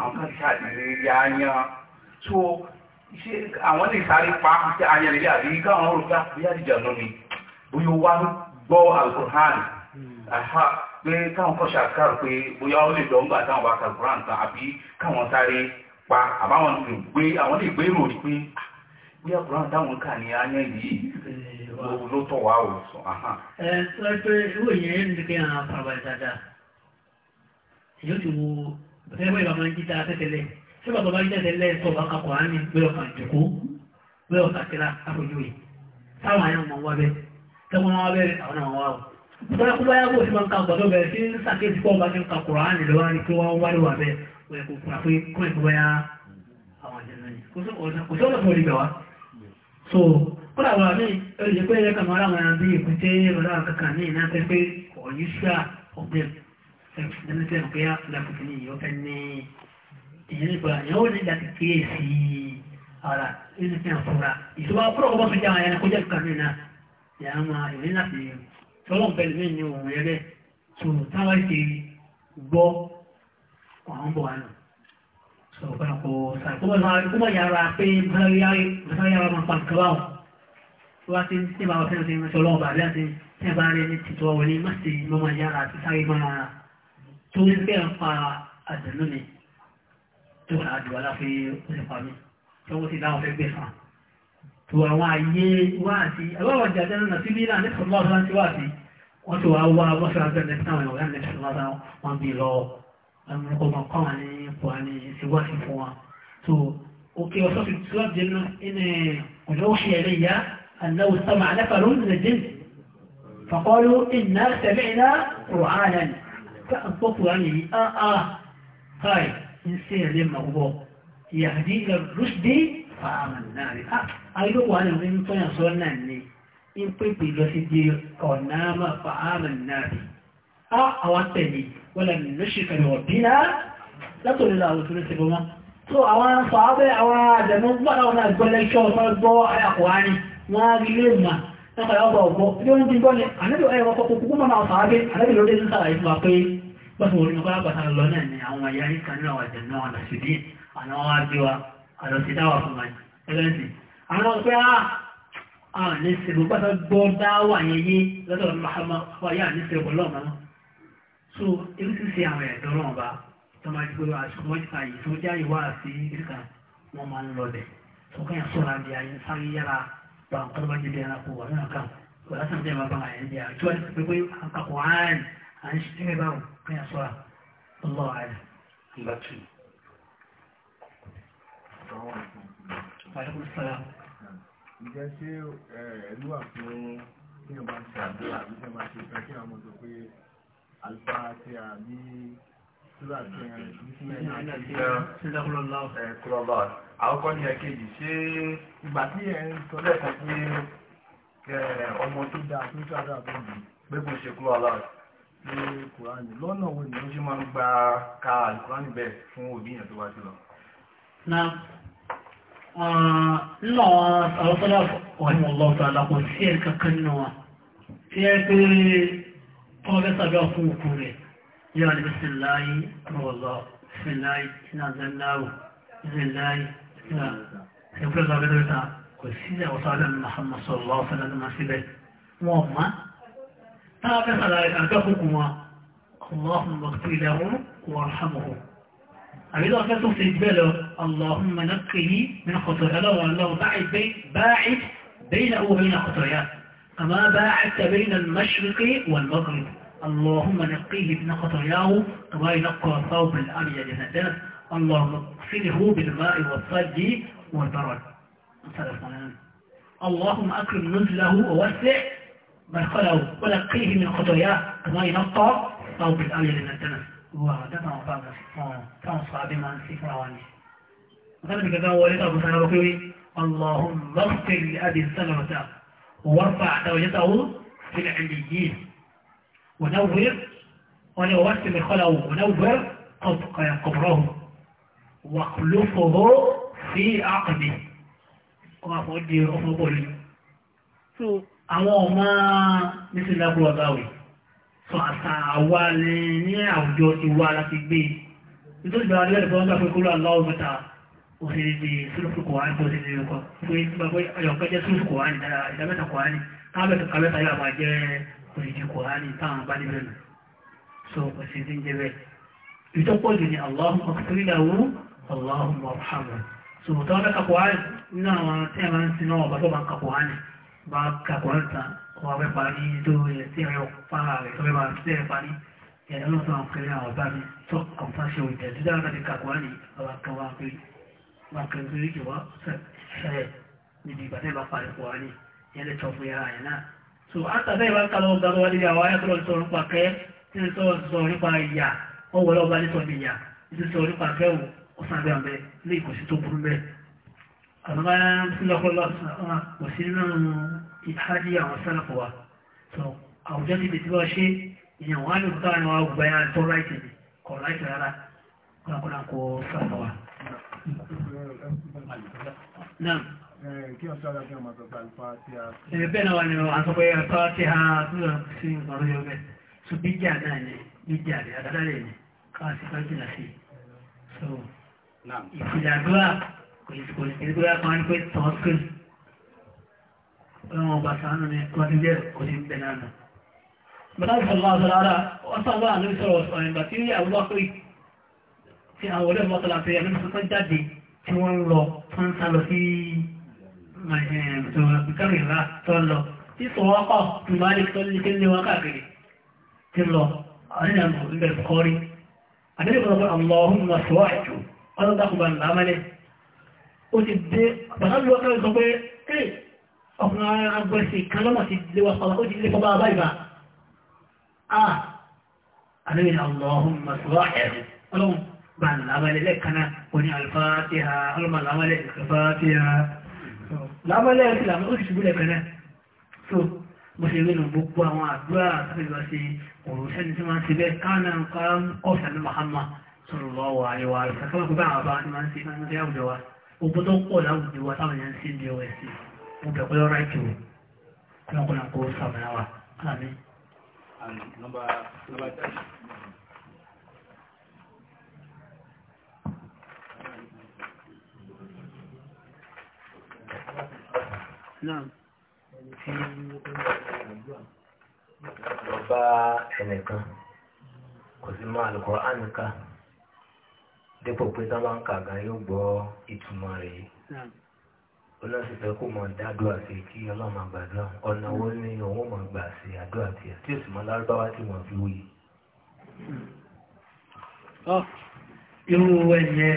àwọn kan ṣàdìrí yáyán tó ṣe àwọn lè sáré pa àti ayanilé àbí káwọn rò pé àdìjà lọ ni bóyá wá gbọ́ alukur'an àhá pé káwọn kọ́ ṣàkàrò pé bóyá ó lè dọ̀ǹgbà táwọn bá kàlùkùrán tán àbí káwọn sáré pa àbáwọn lè gbé àwọn lè gbé ìròyìn pé bí àkùrán táwọn kà ní ayẹ́ yìí ló tọ̀ wá ò sọ àhán. ẹ sọ pé ìwòye ń dìgbẹ́ àwọn àpàbà dáadáa yóò ti wo ọ̀sẹ̀lẹ̀ bàbá ń jíta tẹ́tẹ̀lẹ̀ ṣé bàbá bá jíta tẹ́lẹ̀ tó bá kakọ̀ á ní pé ọkà jòkó pé ọkà tẹ́lá àfojú rẹ̀ táwọn àyàn ọmọ wa bẹ tẹ́wọ́n wa bẹ̀rẹ̀ àwọn àwọn wa o. bóyá kó báyà bó ti máa ń ka gbọ́dọ̀ bẹ̀rẹ̀ sí ń sàkéjì pọ̀ bá ti ń ka kọ̀rọ̀ á nílò wá ní pé wọ́n wárí wà bẹ́ẹ̀ kó ẹ̀kọ́ kúra pé kó ẹ̀kọ́ báyà àwọn àjẹ́ náà yìí kò sí ọ̀dọ̀ tó rí gbà wá. so kódà wà mí ẹ̀rọ ìjẹ́pẹ́ ẹ̀rẹ́ kàmọ́ ara wọn bí èkúté ìrọ̀lá kankan ní ìná ẹni tẹ́ pé lápùtù ní ìyọ́fẹ́ ní ìyẹn ìgbà ìyàwó ní láti kíyè sí ara nínú fẹ́ fúnra ìṣòwò àpúrò ọgbọ́n fi jáwọn ẹni kó jẹ́ kàmí náà ìyá máa ìwé láti tọ́lọ́n bẹ́ẹ̀ lóyún ní òun ẹgbẹ́ tó táwọn ṣe gbọ́ ọ̀hún bọ̀ wá nù ọ̀pọ̀lọpọ̀ sàkóbọ̀ yára pé mọ́sáyára máa pa nǹkan báwọn tó wá sí ní bá wọn fẹ́ràn sí ọlọ́ọ̀bà bí wọ́n ti tẹ́ bá rẹ̀ ní tìtọ́ wọlé má torí pé ń pa àdánù mi tó wà ládùú aláfẹ́ olùpa mi tí wọ́n ti láwọn fẹ́ gbé fà tó àwọn ayé wá àti àwọn ọjà àdánù náà sí mílíọ̀nù nípa ọmọ ọ̀sán ti wá àti wọ́n tó wá wá wọ́n fẹ́ àgbẹ̀ nípa àwọn ọ̀gá nípa ọmọ ọ̀sán wọn bí lọ ọmọ kan wà ní ipò àní ìṣèwádìí fún wa tó òkè ọ̀sán ti tó àjẹ́ náà ولو حيالية أنه استمع نفر من الجنس فقالوا إنا سمعنا قرآنا ká gbọ́ kùránì yìí áá ah, ah, káì ń sí ẹ̀lẹ́ màgbọ́ yàdí ilẹ̀ rúṣdé fàámàn náà rí àìlówà náà ń tọ́yà sọ náà ní ń pèpè lọ sí di ọ̀nà àmà fàámàn náà rí á àwọn tẹ̀lé wọlé lóṣù kan ọ̀bí náà látòlè làwọn tó to ṣe bọ́mọ́ so àwọn sọ̀ábẹ́ àwọn àjẹ̀mú gbọ́dọ̀ wọn náà gbọ́ lẹ́kṣọ́ wọn gbọ́ àyàkùnrin wọn á rí lè mà nípa ìwọ́pọ̀ ọ̀gbọ́ bí wọ́n ti gbọ́ ni ànábì ọ̀yẹ́ wọn kọ́kọ́ kúkú mọ́ àwọn sọ̀ábẹ́ ànábì lóde ń sàlàyé fún wa pé bọ́sù orí ọba àbàtà lọ náà ni àwọn ẹ̀yà kan náà wà jẹ̀ náà ọ̀nà sí bí àwọn wá bí wa àlọ́sí dáwà fún wa ẹlẹ́sìn àwọn ọmọ pé ah, a ní sèbò pátá gbọ́ dáwà yẹn yé lọ́dọ̀ mahama wáyà ní so irú sì ṣe àwọn ẹ̀dọ́ náà bá tọ́mọ ti pé àṣùkọ́ àyè tó já ìwà àti ìríkà wọ́n máa ń lọ bẹ̀ tó kẹ́yìn sọ́ra bí ayé sáré yára bá nǹkan bá jẹ́ bí ara kó wà náà kà àkàkọ̀ kẹ́yà sọ́ra الله àyà ìgbà tù. Àdúgbò sọ́ra. Ǹjẹ́ ṣé ẹ̀lú àfihàn kí wọ́n máa ṣe àdúrà àbí kí wọ́n máa ṣe fẹ́ kí wọ́n mọ̀ tó pé àlùfáà àti àbí àwọ́kọ́ ní ẹ̀kejì ṣé ìgbà tí ẹ̀ ń sọ lẹ́kọ̀ọ́ pé ọmọ tó dáa tó ṣàdá tó bì pé kò ṣe kúrò aláàrẹ̀ ní kùránì lọ́nà wo ni ó ṣe máa ń gba ka alìkùránì bẹ́ẹ̀ fún òbí yẹn tó bá ti lọ. na ah, nínú àwọn àrọ́gbọ́dá ọ̀hìn ọlọ́ọ̀tọ̀ alákọ̀ sí ẹ̀ kankan nínú wa tí ẹ pé tọ́lẹ̀ tàbí ọkùn òkú rẹ̀ yóò ní bísíláì هذا ملائكة كفوكما اللهم اغفر له وارحمه أبدا في سيجباله اللهم نقه من خطايا له والله باعد بين باعد بينه وبين خطاياه كما باعدت بين المشرق والمغرب اللهم نقيه من خطاياه كما ينقى ثوب الأبيض جنتنا اللهم اغسله بالماء والثلج والبرد اللهم أكرم نزله ووسع مثله ونقيه من خطاياه كما ينقى أو الأبيض من الدنس وهذا ما أفعل كان صعب ما نسي فرعوني مثلا بكذا ولد أبو سنة بكوي اللهم اغفر لأبي السلمة وارفع درجته في العليين ونور من خلوه ونور قبره واخلفه في عقبه وأفعل لي أفعل لي àwọn ọmọ ní sílábù ọ̀gáwẹ̀ sọ àṣà àwa ní ní àwùjọ ti wá láti gbé nítorí ìgbà alẹ́ ìfọwọ́n gbà pé kúrò aláwọ̀ mẹ́ta òṣèré ní sùlùkù kòwáni tó ṣe lè kọ́ pé nígbà pé ọ̀yọ̀kẹ́ jẹ́ sùlùkù kòwáni ìdámẹ́ta kòwáni kábẹ̀tà kábẹ̀tà yóò àbá jẹ́ òṣèré kòwáni táwọn bá níbẹ̀ nù so òṣèré ń jẹ bẹ́ẹ̀ ìtọ́pọ̀ jù ní Allahumma ighfir lahu Allahumma irhamhu so tọ́wọ́n kàkọ̀wáni náà wọn tí a máa ń sin náà ọ̀bá tó máa ń kàkọ̀wáni bá kàkùrán ta wọ́n fẹ́ parí tó yẹ sí ẹ̀rọ fara rẹ̀ tó fẹ́ bá sí ẹ̀rọ parí ẹ̀rọ lọ́sọ̀ àwọn kẹrẹ àwọn bá mi tó àwùfá ṣe òjò dídá láti kàkùrán ní àwọn kan wá pé wọ́n kẹrẹ tó yíjọ wá ṣẹlẹ̀ níbi ìgbà tẹ́ bá parí kọ̀ wá ní ìyẹn lè tọ́ fún yàrá yẹn náà. so àtàtà ìwà kalọ̀ gbàgbọ́ wálé àwọn ayẹ́kọ̀ọ́ sọ̀rọ̀ nípa kẹ́ tí ń sọ̀rọ̀ nípa ìyà ọwọ́ lọ́ba ní sọ̀rọ̀ ìyà ti sọ̀rọ̀ nípa kẹ́wù ọ̀sán bẹ́ẹ̀ bẹ́ẹ̀ ní ìkọ̀sí tó burú bẹ́ẹ̀. àbúrò bá ń sílọ́kọ́ lọ́sàn-án kò sí nínú ìtàdí àwọn sálàpọ̀ wa so àwùjọ níbi tí wọ́n ṣe èèyàn wọ́n á lè kúta àwọn àwùgbà yà tó ráìtì ní kọ̀ ráìtì rárá kọ́lákọ́lá kó sálàpọ̀ wa. Bẹ́ẹ̀ náà wà ní àsọpọ̀ ẹ̀fà tí a túnra sí ọ̀rọ̀ yóò bẹ́ẹ̀. So bíjà náà ni bíjà rẹ̀ adádálẹ̀ ni káàsì kan jìnà sí. So ìfìdàdúrà kò ìsìnkú ìgbéra kan ní pé tọ́sùn ọlọ́run ọba sàánú ni kọ́ ti jẹ́ kò ní bẹ̀ náà bàtàkì sọ̀rọ̀ àwọn ará ọ̀sán wà ní sọ̀rọ̀ sọ̀rọ̀ ìgbà tí ilé àwọn pé tí àwọn olè mọ́tàlá pé àmì tuntun jáde tí wọ́n ń lọ tó ń sá lọ sí eh, kárìnrà tó ń lọ tí sọ̀rọ̀ ọkọ̀ tó máa lè tó lè lé wọn káàkiri ti lọ àdínà ìbẹ̀ kọrí àdínà ìbẹ̀ ọmọ agbẹ́sẹ̀ kan lọ́nà ti lé wa pàwà ó ti lé pàwà àbáyìbá ah àlẹ́yìn Allahumma sọ́wọ́ ẹ̀rù ọlọ́run bá lábálẹ̀ lẹ́kaná oní alfáàtíhà ọlọ́mà lábálẹ̀ alfáàtíhà lábálẹ̀ ẹ̀rù ìlànà ó so mo ṣe rí nù gbogbo àwọn àdúrà àtàbíwá sí ọ̀rọ̀ sẹ́ni tí wọ́n ti bẹ́ kánà nǹkan ọ̀sán ní Muhammad sallallahu alaihi wa sallam kọ́kọ́ bá àwọn bá wọn ti máa ń ṣe máa ń ṣe àwùjọ pọ̀ láwùjọ táwọn yẹn ń ṣe gbogbo ẹgbẹ́ ọ̀rọ̀ ìjò kúlọ̀kúlọ̀ kó sàmìnà wa àmì. Lọ bá ẹnìkan, kò sí máa lùkọ́ ánìká, dípò pé sábà ń kà gan yóò gbọ́ ìtumọ̀ rẹ̀ yìí ọlọ́sì fẹ́ kó mọ̀ dádúrà sí kí ọlọ́run máa gbàdúrà ọ̀nà wo ni òun máa gbà sí àdúrà tiẹ̀ tí èsì mọ́ lárúbáwá tí wọ́n fi wòye. irú ẹ̀yẹ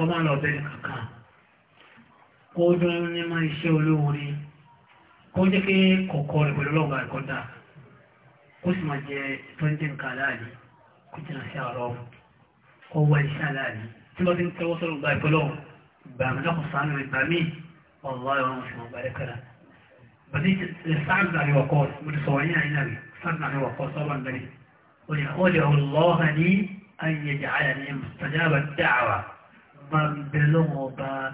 ọmọ lọ́bẹ̀ kàkà kó dún ní máa iṣẹ́ olóore kó jẹ́ kí kọ̀ọ̀kọ́ rẹ̀ pẹ̀lú ọlọ́gbà ẹ̀kọ́ dà kó sì máa jẹ tó ń jẹ nǹkan aláàlú kó jìnnà sí àárọ̀ kó wá iṣẹ́ aláàlú tí wọ́n ti ń tẹ́wọ́ sọ́rọ̀ gba ìpẹ́lọ́run بأملاك الصحن الإسلامي والله يوم رحمه بارك له بديت سعد بن أبي وقاص من سوعين عنابي سعد بن أبي وقاص طبعا بني ويخدع الله لي أن يجعلني مستجاب الدعوة من بلغة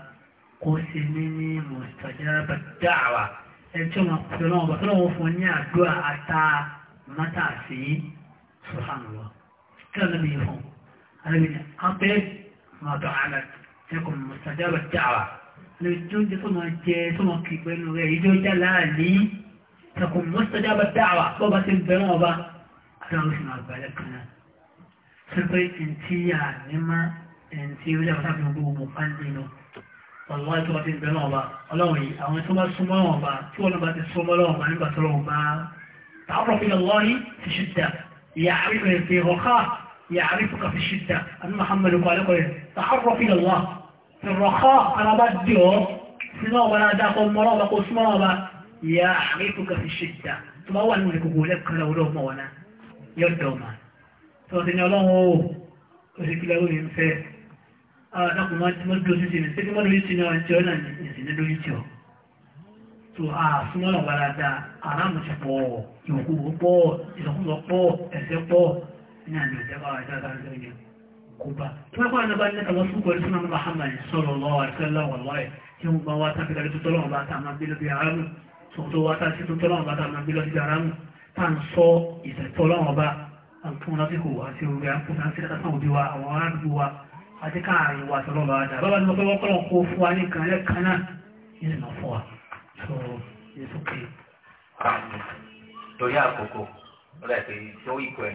قسمني مستجاب الدعوة ẹjọ́ ma pè lọ́wọ́ bọ̀ tọ́lọ́wọ́ fún ní àdúrà ata mátà sí sùhánùlọ́ kí lọ́nà ما fún ẹkùn mọ̀sàdáwà dáwà lè tó ń jẹ́ sọ́mọ jẹ́ sọ́mọ kì pẹ̀lú rẹ̀ ìjọ ìjà láàlí ẹkùn mọ̀sàdáwà dáwà bọ́ba ti ń bẹ̀rẹ̀ ọba adáwọ̀ sì máa gbàlẹ̀ kan náà sẹ́pẹ́ ìntí ànímá ìntí ó yàtọ̀ sáfì gbogbo pàǹdì lọ ọ̀lọ́wọ́ tó bá ti ń bẹ̀rẹ̀ ọba ọlọ́run yìí àwọn tó bá súnmọ́ ọba tí wọ́n bá ti súnmọ́ ọba nígbà tó lọ́wọ́ bá تعرف إلى الله في الشدة يعرفك في رخاء يعرفك في الشدة أن محمد قال تعرف إلى الله rọ̀kọ́ alábá dì ọ́ sínú ọba adákọ̀ mọ́rọ́ ọba kò súnmọ́ ọba ìyá àríkù kẹfì ṣe dà tó bá wà nínú ìkòkò lẹ́kọ̀ọ́ lọ́wọ́ ọmọ wọn yóò dọ̀ ọ̀ma tó ti ní ọlọ́run ó ó sì kílẹ̀ lórí ìfẹ́ adákùn ah, máa ti mọ́jú ojú sí mi sí kí mọ́ lórí ti ní ọjọ́ náà ní ìsìn ní lórí ti ọ̀ tó a súnmọ́ ọba dáadáa aráàmù ti pọ̀ ìwòkúwò pọ̀ ìsọkúsọ pọ̀ ẹ̀sẹ̀ pọ̀ ní àná ìjọba ìjọba ìjọba Kuba. bá tí wọ́n bá ní bá ní súnmọ́ Muhammad sallallahu alaihi wasallam wàláì tí wọ́n bá wá tàbí tó tọ́lọ́wọ́n bá tá a máa gbé lóbi ara mú tó wá tàbí tó tọ́lọ́wọ́n bá tá a máa gbé lóbi ara mú tá à ń sọ ìtẹ̀tọ́lọ́wọ́n bá àtún lásìkò àti orí àkúta so it's okay. lórí àkókò ó lẹ́ẹ̀kẹ́ tó ìkọ̀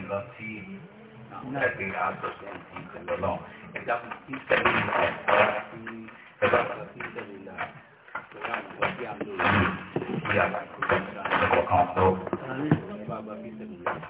Nah, tinggal atas yang kita lelong. Sebab kita lelong. Sebab kita lelong. Sebab kita lelong. Sebab kita lelong. Sebab kita lelong. Sebab kita lelong. Sebab kita lelong. Sebab kita lelong.